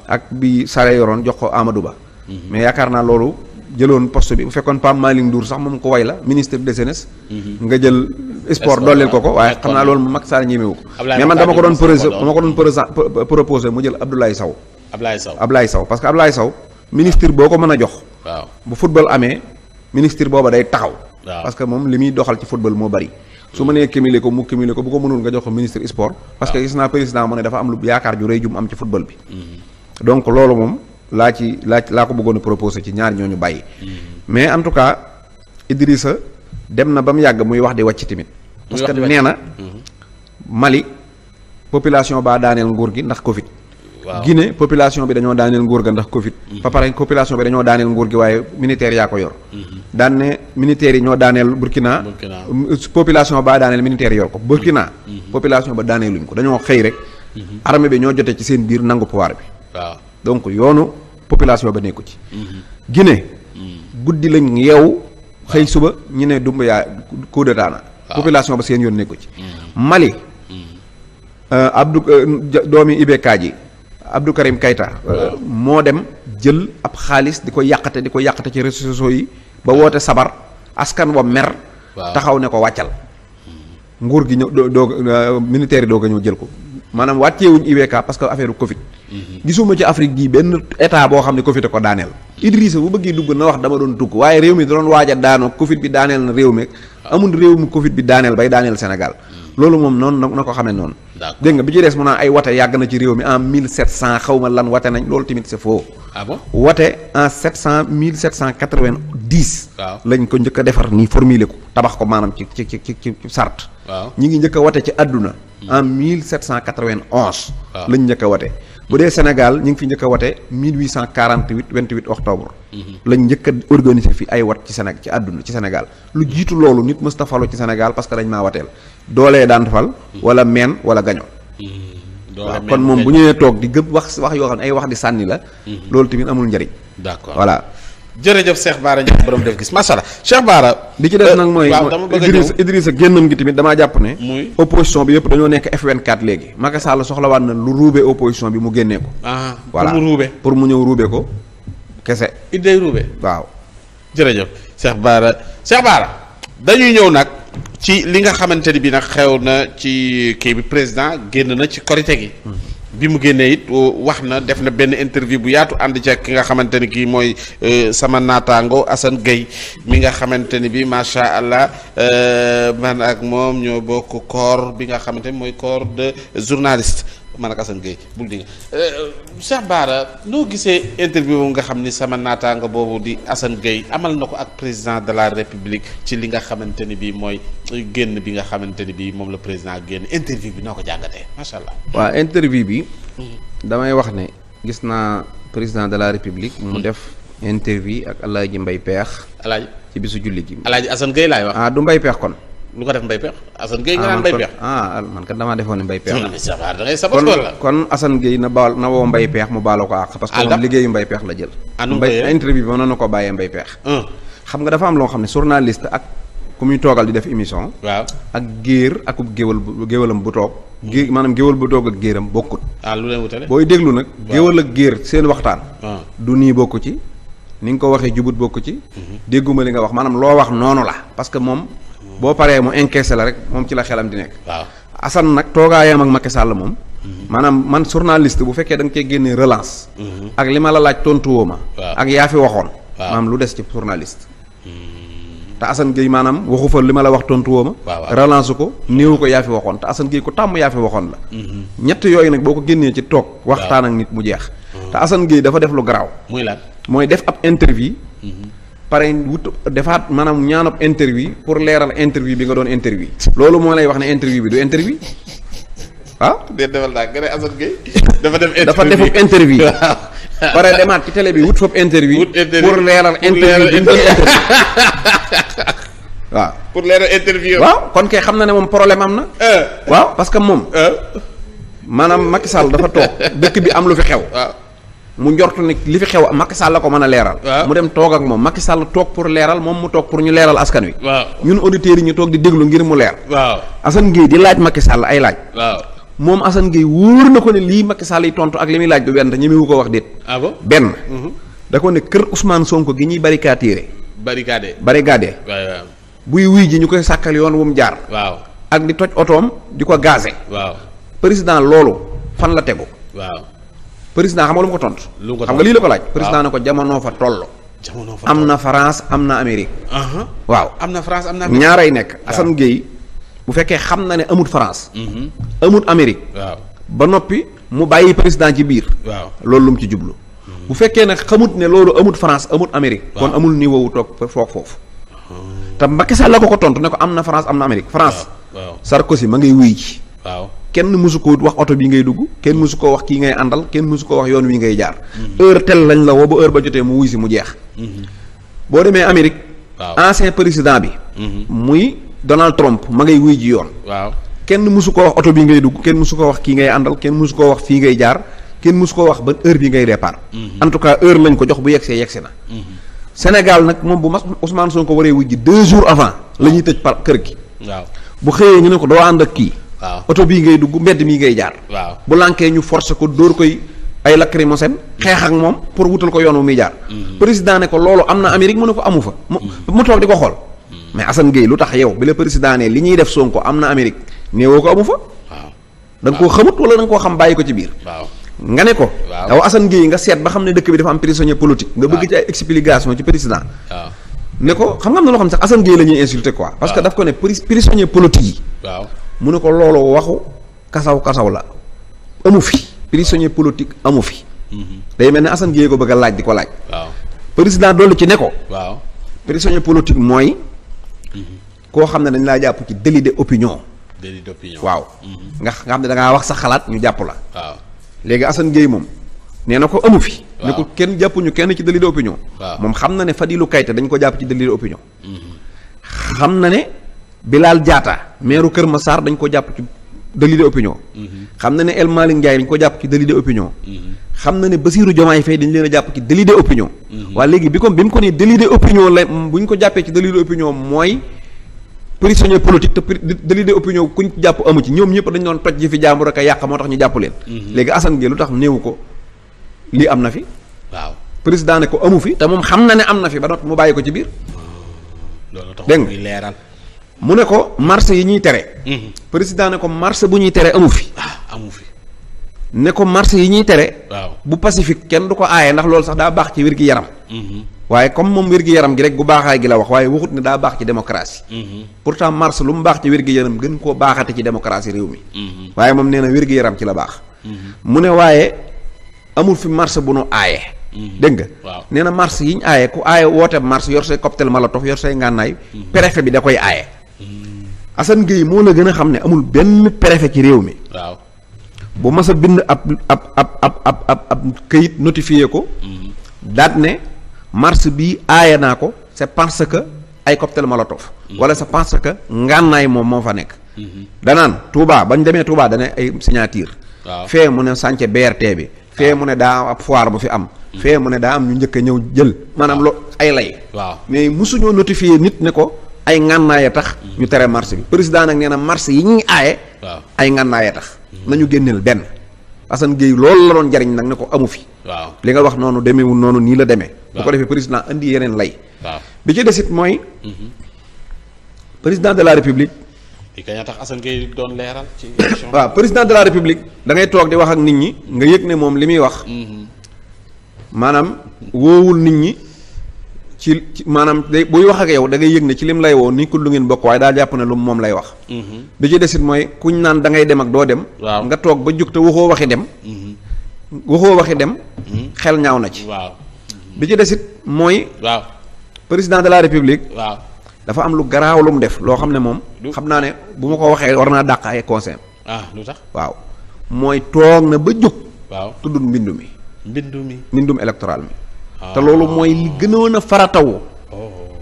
Speaker 6: ak bi sare yoroon jox ko Amadou Ba. Hmm. mais yaakaar naa loolu. jëloon poste bi bu fekkoon Pape Malick Ndour sax moom ko way la ministre des jeunesse mhm. nga jël sport dooleel ko ko waaye xam naa loolu Macky Sall ñemewu ko mais man dama ko doon proposé dama ko doon proposé mu jël Abdoulaye Sow Abdoulaye Sow Abdoulaye Sow parce ministre boo ko mën a jox waaw bu football amee ministre booba day taxaw parce que moom li muy doxal ci football moo bari su ma nee ko mu cumulé ko bu ko mënul nga jox ko ministre sport parce que gis naa président mu ne dafa am lu laa ci laa laa ko bëggoon a proposé ci ñaar ñu bàyyi. mais en tout cas Idrissa dem na ba mu yàgg muy wax di wacc tamit.
Speaker 5: parce que nee na. Mhm.
Speaker 6: Mali population baa daaneel nguur gi ndax Covid. waaw Guinée population bi dañoo daaneel nguur ga ndax Covid. Mhm. ba pare population bi dañoo daaneel nguur gi waaye militaire yaa ko yor. Mhm. daan ne yi ñoo daaneel Burkina. Burkina population baa daaneel militaire yor ko Burkina. population ba daaneeluñ ko dañoo xëy rek. armée bi ñoo jotee ci seen biir nangu pouvoir bi. waaw yoonu. population ba nekku ci. gine guddi lañ yeew xëy suba ñu ne Doumbouya coup d'état na ba seen yoon nekku ci. Mm-hmm. Mali.
Speaker 5: Mm-hmm.
Speaker 6: Euh, Abdou euh, doomi IBK ji Abdou Karim Keita. Euh, moo dem jël ab xaalis di ko yàqate di ko yàqate ci réseaux sociaux yi. ba woote sabar askan wa mer. taxaw ne ko wàccal. Mm-hmm. nguur gi ñëw doo doo militaire yi doo ko ñëw jël ko maanaam wàccee wuñ IBK parce que affaire Covid. gisuma ci Afrique gii benn état boo xam ne Covid ko daaneel. Idrissa bu bëggee dugg na wax dama doon tukk waaye réew mi da doon waaj a daanoo Covid bi daaneel na réew meeg amul réew mu Covid bi daaneel bay daaneel Sénégal. Hmm. loolu moom noonu na ko xamee noonu. dégg nga bi ci des mu naan ay wate yàgg na ci réew mi en 1700 xaw ma lan wate nañ loolu tamit c'est faux. ah bon wate en 700 1790. waaw lañ ko njëkk a defar nii formuler ko tabax ko maanaam ci ci ñi ngi njëkk a wate ci àdduna. Hmm. en 1791. waaw lañ njëkk a wate. bu dee Sénégal ñu ngi fi njëkk a wote 1848 28 octobre. lañ njëkk a organiser fi ay wat ci Sénégal ci àdduna ci Sénégal lu jiitu loolu nit mës ta falu ci Sénégal parce que dañ maa wateel doolee daan fal. wala meen wala gaño
Speaker 5: waaw kon moom bu ñëwee
Speaker 6: toog di gëpp wax wax yoo xam ne ay wax di sànni la. Mhm. loolu tamit amul njëriñ.
Speaker 5: d'accord
Speaker 4: voilà.
Speaker 6: jërëjëf Cheikh Bara Ndiaye borom def gis macha allah Cheikh Bara. bi ci des euh, nag mooy Idrissa tamit damaa jàpp ne. muy opposition bi yëpp dañoo nekk F24 léegi. Macky Sall soxlawaat na lu ruube opposition bi mu génnee ko. voilà ah, pour mu ruube pour mu ñëw ruube ko kese. it day ruube
Speaker 4: waaw. jërëjëf Cheikh Bara dañuy ñëw nag ci li nga xamante ni bi nag xew na ci kii bi président génn na ci korite gi. Hmm. bi mu génnee it euh, wax na def na benn interview bu yaatu ànd ci ki nga xamante ni kii mooy euh, sama naataango Assane Gueye mi nga xamante ni bi macha allah euh, man ak moom ñoo bokk corps bi nga xamante ni mooy corps de journaliste. man ak Assane Gueye bul di euh, Cheikh Bara noo gisee interview nga xam ni sama naataanga boobu di Assane Gueye amal na ko ak président de la république ci li nga xamante ni bii mooy génn bi nga xamante ni bii moom la président génn interview bi noo ko jàngatee macha allah.
Speaker 6: waaw interview bi. Mhm. damay wax ne gis naa président de la république. mu mhm. def interview ak El Hadj mbay Peex. El ci bisu julli yi El Hadj Assane Gueye laay wax. ah du mbay Peex kon.
Speaker 4: lu ko def mbay pex Assane Gueye nga ah, naan mbay pex
Speaker 6: ah, defoon ne mbay pex da ngay sabot la kon Assane Gueye na baal na woo mbay pex mu baaloo ko àq parce que ah, moom liggéeyu mbay pex la jël interview bi mënoon na ko bàyyee mbay pex hmm. xam nga dafa am loo xam ne journaliste ak ku muy toogal di def émission waaw ak géer ak géwal géwalam bu toog hmm. géer maanaam géwal bu toog ak géeram bokkut
Speaker 4: ah lu leen wutale booy
Speaker 6: déglu nag géwal ak géer seen waxtaan hmm. du nii bokku ci ni nga ko waxee jubut bokku ci dégguma li nga wax maanaam loo wax noonu la boo paree mu encaissé la rek moom ci la xelam di nekk. waaw Assane nag toogaayam ak Macky Sall moom. maanaam man journaliste bu fekkee danga nga cee génnee relance. Mhm. ak li ma la laaj tontu woo ma. ak yaa fi waxoon. maanaam lu des ci journaliste. Mhm. te Assane Gueye maanaam waxu fa li ma la wax tontu woo ma. relance ko néew ko yaa fi waxoon te Assane Gueye ko tàmm yaa fi waxoon la. Mhm. ñett yooyu nag boo ko génnee ci toog. waxtaan ak nit mu jeex. te Assane Gueye dafa def lu garaaw. muy lan mooy def ab interview. pare wut defaat maanaam ñaanop interview pour leeral interview bi nga doon interview loolu moo lay wax ne interview bi du interview ah. déet defal naa nga ne Assane Gueye dafa def interview bi defub interview. pare demaat ci télé bi wut foofu interview. wut interview pour leeral interview bi doon interview. waaw
Speaker 1: pour leeral
Speaker 4: interview.
Speaker 6: waaw kon kay xam na ne moom problème am na. Euh. waaw parce que moom. Euh. maanaam Macky Sall dafa toog dëkk bi am lu fi xew. waaw mu njortu ne li fi xew Macky Sall la ko mën a leeral. mu dem toog ak moom Macky Sall toog pour leeral moom mu toog pour ñu leeral askan wi. ñun auditeurs yi ñu toog di déglu ngir mu leer. waaw Assane Gueye di laaj Macky Sall ay laaj. moom Assane Gueye wóor na ko ne lii Macky Sall yi tontu ak li muy laaj du benn te ñemewu ko wax déet. ah benn. Mhm. da ko ne kër Ousmane Sonko gi ñuy barricadé. barricadé barricadé. waaw buy wuy ji ñu koy sàkkal yoon wu mu jaar. waaw ak di toj otoom di ko gaase waaw loolu fan la tegu. waaw président xam nga lu ma ko tontu. xam nga lii la ko laaj. président na ko jamono fa toll. jamono fa am na France am na Amérique. Uh-huh. waaw
Speaker 4: am na France am na. ñaaray
Speaker 6: nekk Assane Gueye bu fekkee xam na ne amut France.
Speaker 5: Mm-hmm.
Speaker 6: amut Amérique. ba noppi mu bàyyi président ci biir. waaw loolu lu ci jublu. Mm-hmm. bu fekkee nag xamut ne loolu amut France amut Amérique. kon amul niveau wu toog foog foofu.
Speaker 5: Uh-huh.
Speaker 6: te Macky la ko ko tontu ne ko am na France am na Amérique France. Sarkozy ma ngay wuy ci. waaw kenn mësu ko wax oto bi ngay dugg kenn mësu ko wax kii ngay àndal kenn mësu ko wax yoon wi ngay jaar. Mhm. heure tel lañ la woo ba heure ba jotee mu wuy si mu jeex. Mhm. boo demee amerique waaw ancien président bi. Mhm. muy Donald Trump ma ngay wuy ji yoon. waaw kenn mësu ko wax oto bi ngay dugg kenn mësu ko wax kii ngay àndal kenn mësu ko wax fii ngay jaar kenn mësu ko wax ba heure bi ngay départ. en tout cas heure lañ ko jox bu yegsee yegsi na. Sénégal nag moom bu mas Ousmane Sonko waree wuy ji deux jours avant la ñuy tëj par waaw bu xëyee ñu ne ko doo ànd ak kii. waaw oto bii ngay dugg mbedd mii ngay jaar. waaw bu lànkee ñu forcer ko dóor koy ay lacrymogène mm-hmm. xeex ak moom pour wutal ko yoon wu muy jaar. Mm-hmm. président ne ko loolu am na Amérique mu ne ko amu fa. mu mm-hmm. mu toog ko xool. mais Assane Gueye lu tax yow président li ñuy def Sonko am na Amérique néewoo ko amu fa. waaw xam bàyyi ko ci biir. waaw nga ne ko. waaw yow Assane Gueye nga seet ba xam ne dëkk bi dafa am prisonnier politique. nga bëgg ci ay explication ci président. ne ko xam nga am na loo xam sax Assane Gueye la ñuy insulté quoi. parce que daf ko ne prisonnier politique yi. mu ne ko loolu waxu kasaw kasaw la amu fi prisonnier politique amu fi. Mhm. day mel ne Assane Gueye ko bëgg a laaj di ko laaj. waaw président dolli ci ne ko. waaw prisonnier politique mooy. Mhm. koo xam ne dañ laa jàpp ci délit de opinion
Speaker 4: d'opinion waaw. Mhm.
Speaker 6: nga xam ne da ngaa wax sa xalaat ñu jàpp la. léegi Assane Gueye moom. nee na ko amu fi. ne ko kenn ñu kenn ci deli délit d'opinion. moom xam na ne fa Fadilou Keïta dañ ko jàpp ci délit d'opinion. xam na ne. Bilal Diatta maire Kër ma Massar dañ ko jàpp ci délit d'opinion. Mhm. xam na ne El Malick Ndiaye dañ ko jàpp ci délit d'opinion. Mhm. xam na ne Basirou Diomaye Faye dañ leen a jàpp ci délit d'opinion. Mhm. waa léegi bi comme bi mu ko nii délit d'opinion la bu ñu ko jàppee ci délit d'opinion mooy prisonnier politique te délit d'opinion kuñ jàpp amu ci ñoom ñëpp dañ doon toj ji fi jàmbur ak yàq moo tax ñu jàpp leen. léegi Assane Gueye lu tax néewu ko lii am na fi. waaw président ko amu fi te moom xam na ne am na fi ba mu bàyyi ko ci biir.
Speaker 5: loolu
Speaker 4: tax
Speaker 6: muy leeral mu ne ko marché yi ñuy tere. Mhm. président ne ko marché bu ñuy tere amu fi. Ah, amu fi ne ko marché yi ñuy tere. waaw bu pacifique kenn du ko aaye ndax loolu sax daa baax ci wér gi yaram. Mhm. waaye comme moom wér gi yaram gi rek gu baaxaay gi la wax waaye waxut ne daa baax ci démocratie. Mhm. pourtant marché lu mu baax ci wér gi yaram gën koo baaxate ci démocratie réew
Speaker 5: mi.
Speaker 6: waaye moom nee na wér gi yaram ci la baax. mu ne waaye amul fi marché bu nu aaye. dégg nga. waaw nee na marché yi ñu aaye ku aaye woote marché yor say cocktail Molotov yor say ngànnaay. préfet bi da koy aaye. Assane Gueye moo la gën a xam ne amul benn préfet ci réew mi. waaw bu mas a bind ab ab ab ab ab ab këyit notifié ko. Mhm. daat ne mars bi aaye naa ko c'est parce que ay cocktail molotov. Mhm. wala sa parce que ngànnaay moom moo fa nekk.
Speaker 5: Mhm. danaan
Speaker 6: Touba bañ demee Touba dana ay signature. waaw fee mu ne sance BRT bi. fee mu ne daa ab foire bu fi am. fee mu ne daa am ñu njëkk a ñëw jël. maanaam lo ay lay. waaw mais mosuñoo notifié nit ne ko. ay ngànnaay tax ñu tere marché bi président nag nee na marché yi ñuy aaye waaw ay ngànnaay tax hmm. nañu génneel benn Assane Gueye loolu la doon jariñ nag ne ko amu fi waaw li nga wax noonu demeewul noonu nii la demee bu ko defee président indi yeneen lay waaw bi ci desit mooy hmm. président de la république waaw président de la république da toog di wax ak nit ñi nga yëg ne moom li muy wax hmm. maanaam wóowul nit ñi ci maanaam day buy wax ak yow da ngay yëg ne ci lim lay woo ni ko lu ngeen bokk waaye daa jàpp ne lu moom lay wax mm-hmm. bi ci desit mooy kuñ naan da ngay dem ak doo dem nga toog ba jug te waxoo waxi dem mm-hmm. waxoo waxi dem mm-hmm. xel ñaaw na ci waaw bi ci desit mooy waaw président de la république waaw dafa am lu garaaw lu mu def loo xam ne moom xam naa ne bu ma ko waxee war naa dàq ay conseil ah lu tax waaw mooy toog na ba jug waaw tuddul mbindu mi mbindu mi mbindum électoral mi te loolu mooy li gënoon a farataw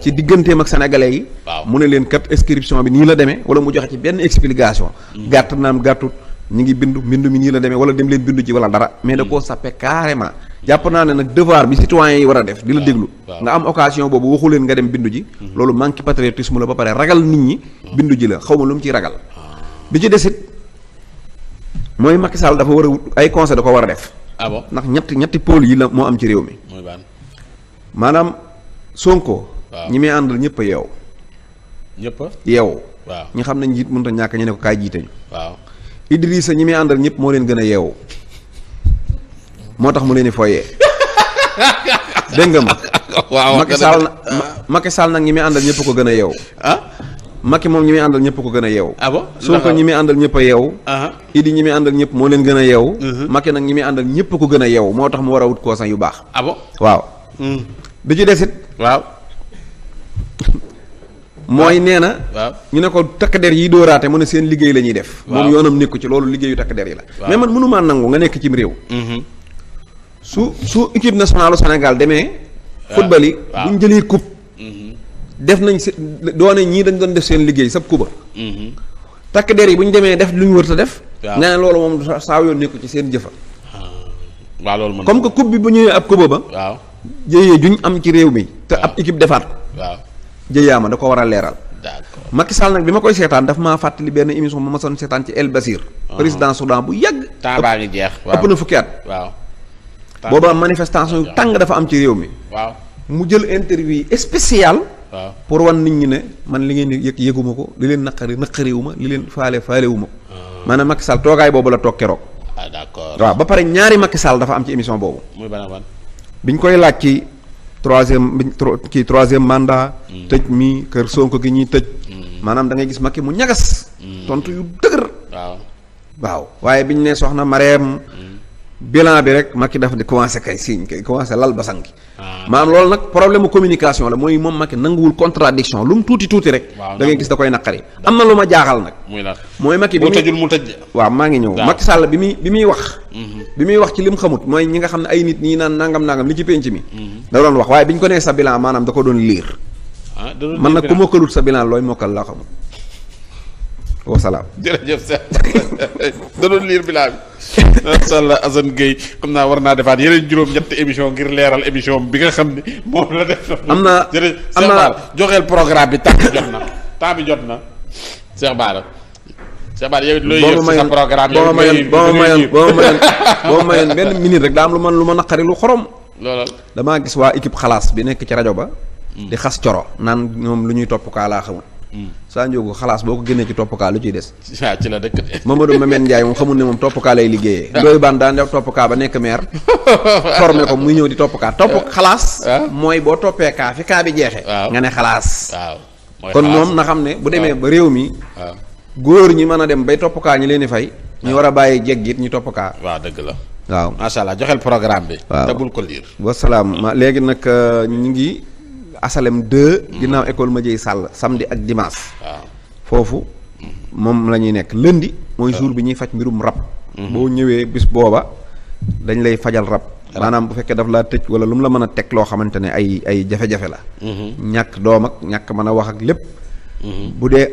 Speaker 6: ci digganteem ak sénégalais yi. mu ne leen kat inscription bi nii la demee wala mu joxe ci benn explication. Mm. gàtt naam gàttut ñu ngi bindu bindu mi nii la demee wala dem leen bindu ci wala dara. mais da mm. koo sappe carrément. jàpp naa ne nag devoir bi citoyen yi war a def. di la déglu nga am occasion boobu waxu leen nga dem bindu ji. Mm-hmm. loolu manque patriotisme la ba pare ragal nit ñi. Mm. bindu ji la xaw ma lu mu ciy ragal. Ah. bi ci desit mooy Macky Sall dafa war a ay conseil da ko war a def. ah ndax ñetti ñetti pôle yi la moo am ci réew mi. maanaam Sonko. waaw ñi muy àndal ñëpp a yeew. ñëpp a yeew. waaw xam ne njiit mënut a ñàkk ñu ne ko kaay jiite ñu. waaw Idrissa ñi muy àndal ñëpp moo leen gën a yeew moo tax mu leen di foyee nga ma. waaw Macky Sall nag ñi muy àndal ñëpp ko gën a yeew. Ah? Macky moom ñi muy àndal ñëpp gën a yeew ah bon Sonko ñi muy àndal ñëpp a yeew ah. Idi ñi muy àndal ñëpp moo leen gën a yeew mhm. Macky nag ñi muy àndal ñëpp ko gën a yeew moo tax mu war a wut consens yu baax ah bon waaw mhm. bi ci desit waaw mooy nee na ñu ne ko takk yi dóoraate mu ne seen liggéey la ñuy def moom yoonam nekku ci loolu liggéeyu takk der yi la mais man mënumaa nangu nga nekk cim réew mhm. su su équipe nationale Sénégal demee ah. football yi ah. jëlee coupe def nañ si doone ñii dañ doon def seen liggéey sab kuba mm-hmm. takk der yi bu ñu demee def lu ñu wër sa def ne loolu moom saa yoon nekku ci seen jëfa ah. waaw loolu mën comme que coupe bi bu ñëwee ab kuba ba waaw jëyee juñ am ci réew mi te ab équipe defaat waaw jëyaa ma da ko war a leeral d'accord Macky nag bi ma koy seetaan daf maa fàttali benn émission ma ma sonn seetaan ci El Basir ah. président Soudan bu yàgg temps baa ngi jeex ëpp na fukki at
Speaker 4: waaw booba
Speaker 6: manifestation yu tàng dafa am ci réew mi waaw mu jël interview spécial waaw pour wan nit ñi ne man li ngeen di yëg yëguma ko li leen naqari naqariwu ma li leen faale faalewu ma ah. maanaam Macky Sall toogaay boobu la toog keroog
Speaker 5: ah d'accord
Speaker 6: waaw ba pare ñaari makki saal dafa am ci émission boobu muy ban ban biñ koy laaj ci troisième biñ kii troisième mandat hmm. tëj mi kër Sonko gi ñuy tëj hmm. maanaam da ngay gis Macky mu ñagas hmm. tontu yu dëgër waaw waaw waaye biñ ne soxna Marème bilan bi rek Macky dafa di commencé kay signe kay commencé lal ba sànq. Ah. maanaam loolu nag problème communication la mooy moom Macky nanguwul contradiction lu mu tuuti tuuti rek. da ngay gis da koy naqari. am na lu ma jaaxal nag. muy nag mooy Macky bi mu tëjul mu waaw maa ngi ñëw Macky Sall bi muy bi muy wax. Mhm. bi muy wax ci lim xamut mooy ñi nga xam ne ay nit ñi naan nangam nangam li ci penc mi. Mhm. da doon wax waaye bi ñu ko nee sa bilan maanaam da ko doon liir.
Speaker 4: Ah, man nag ku mokkalut
Speaker 6: sa bilan looy mokkal laa xamut. wa salaam.
Speaker 4: jërëjëf da doon liir bilaa bi macha allah Assane xam naa war naa defaat yeneen juróom-ñetti émission ngir leeral émission bi nga xam ne moom la def. am na am joxeel programme bi temps jot na temps bi jot na Cheikh Bara. Cheikh Bara yow it looy ma mayoon boo ma mayoon benn
Speaker 6: minute rek daa am lu man lu ma naqari lu xorom. loolal damaa gis waa équipe xalaas bi nekk ci rajo ba. Hmm. di xas coro naan ñoom lu ñuy topp kaa laa xamul. saa njóogu xalaas boo ko génnee ci toppkaa lu ciy des
Speaker 4: waaw ci la dëkk
Speaker 6: Mamadou Mamène Ndiaye moom xamul ne moom toppkaa lay liggéeyee ah. ndooyu baan daan def toppkaa ba nekk maire
Speaker 4: formé
Speaker 6: ko muy ñëw di toppkaa topp ah. xalaas ah. mooy boo toppee kaa fi kaa bi jeexe nga ne xalaas waaw
Speaker 5: kon moom na xam
Speaker 6: ne bu demee ba réew mi góor ñi mën a dem bay toppkaa ñi leen di fay ñu war a bàyyi jéggit ñu toppkaa waaw dëgg la waaw macha allah joxel programme bi. waaw te bul ko liir. wasalaam léegi nag euh, ñu ngi asalem 2. ginnaaw école Madieye Sall samedi ak dimaas foofu moom la ñuy nekk lundi. mooy ah. jour bi ñuy faj mbirum rab. Mhm. boo ñëwee bis booba dañ lay fajal rab. maanaam bu fekkee daf laa tëj wala lu mu la mën a teg loo xamante ne ay ay jafe-jafe la. Mhm. ñàkk doom ak ñàkk mën a wax ak lépp. Mhm. bu dee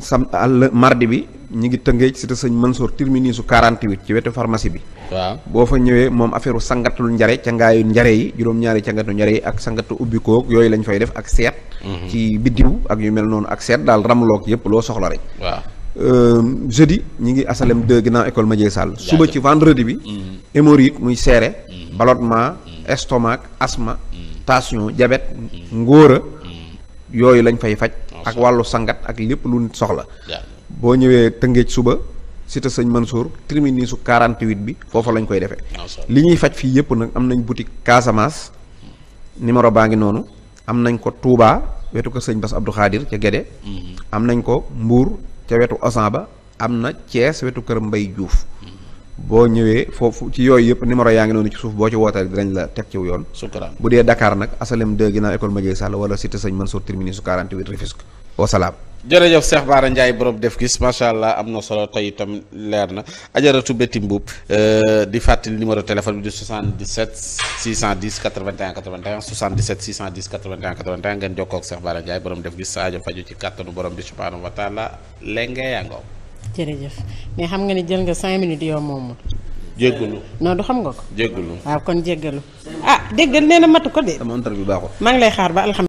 Speaker 6: sam àll mardi bi ñu ngi tëngéej cité sëñ Mansour terminus su 48 ci wetu pharmacie bi. waaw boo fa ñëwee moom affaire sangatul njare ca ngaayu njare yi juróom-ñaari cangatu njare yi ak sangatu ubbikoog yooyu lañ fay def ak seet. Mhm. ci biddiw ak yu mel noonu ak seet daal ramloog yëpp loo soxla rek. waaw. Euh, jeudi ñi ngi asalem 2 ginnaaw école Madiaye Sall suba ci vendredi bi mhm. hémorroïde muy seere mhm. ballonnement estomac asthme tension diabète ngóora yooyu lañ fay faj ak wàllu sangat ak lépp lu nit soxla boo ñëwee tëngeej suba cité sëñ Mansour terminus su 48 bi foofa lañ koy defee li ñuy faj fii yëpp nag am nañ boutique Casamance numéro baa ngi noonu am nañ ko Touba wetu ko sëñ Bass Abdou Khadir ca Guédé
Speaker 5: mm-hmm.
Speaker 6: am nañ ko Mbour ca wetu Osan ba am na Thiès wetu kër Mbay Diouf boo ñëwee foofu ci yooyu yëpp numéro yaa ngi noonu ci suuf boo ci wootee dinañ la teg ciw yoon sukkuraan bu dee Dakar nag asalem 2 ginnaaw école Madiaye Sall wala cité sëñ Mansour terminus 48 Rufisque wasalaam
Speaker 4: jërëjëf Cheikh Bara Ndiaye borom def gis macha allah am na solo tey itam leer na ajaratu Betty Mboup euh, di fàttali numéro téléphone bi di 77 610 81 81 77 610 81 81 ngeen jokkoo ak Cheikh Bara Ndiaye borom def
Speaker 2: jërëjëf mais xam nga ni jël nga cinq minutes yow moomul. jéggalu non du xam nga ko. jéggalu waaw kon jéggalu. ah déggal nee na matu ko
Speaker 5: de. sama bi
Speaker 2: lay xaar ba alhamdulilah.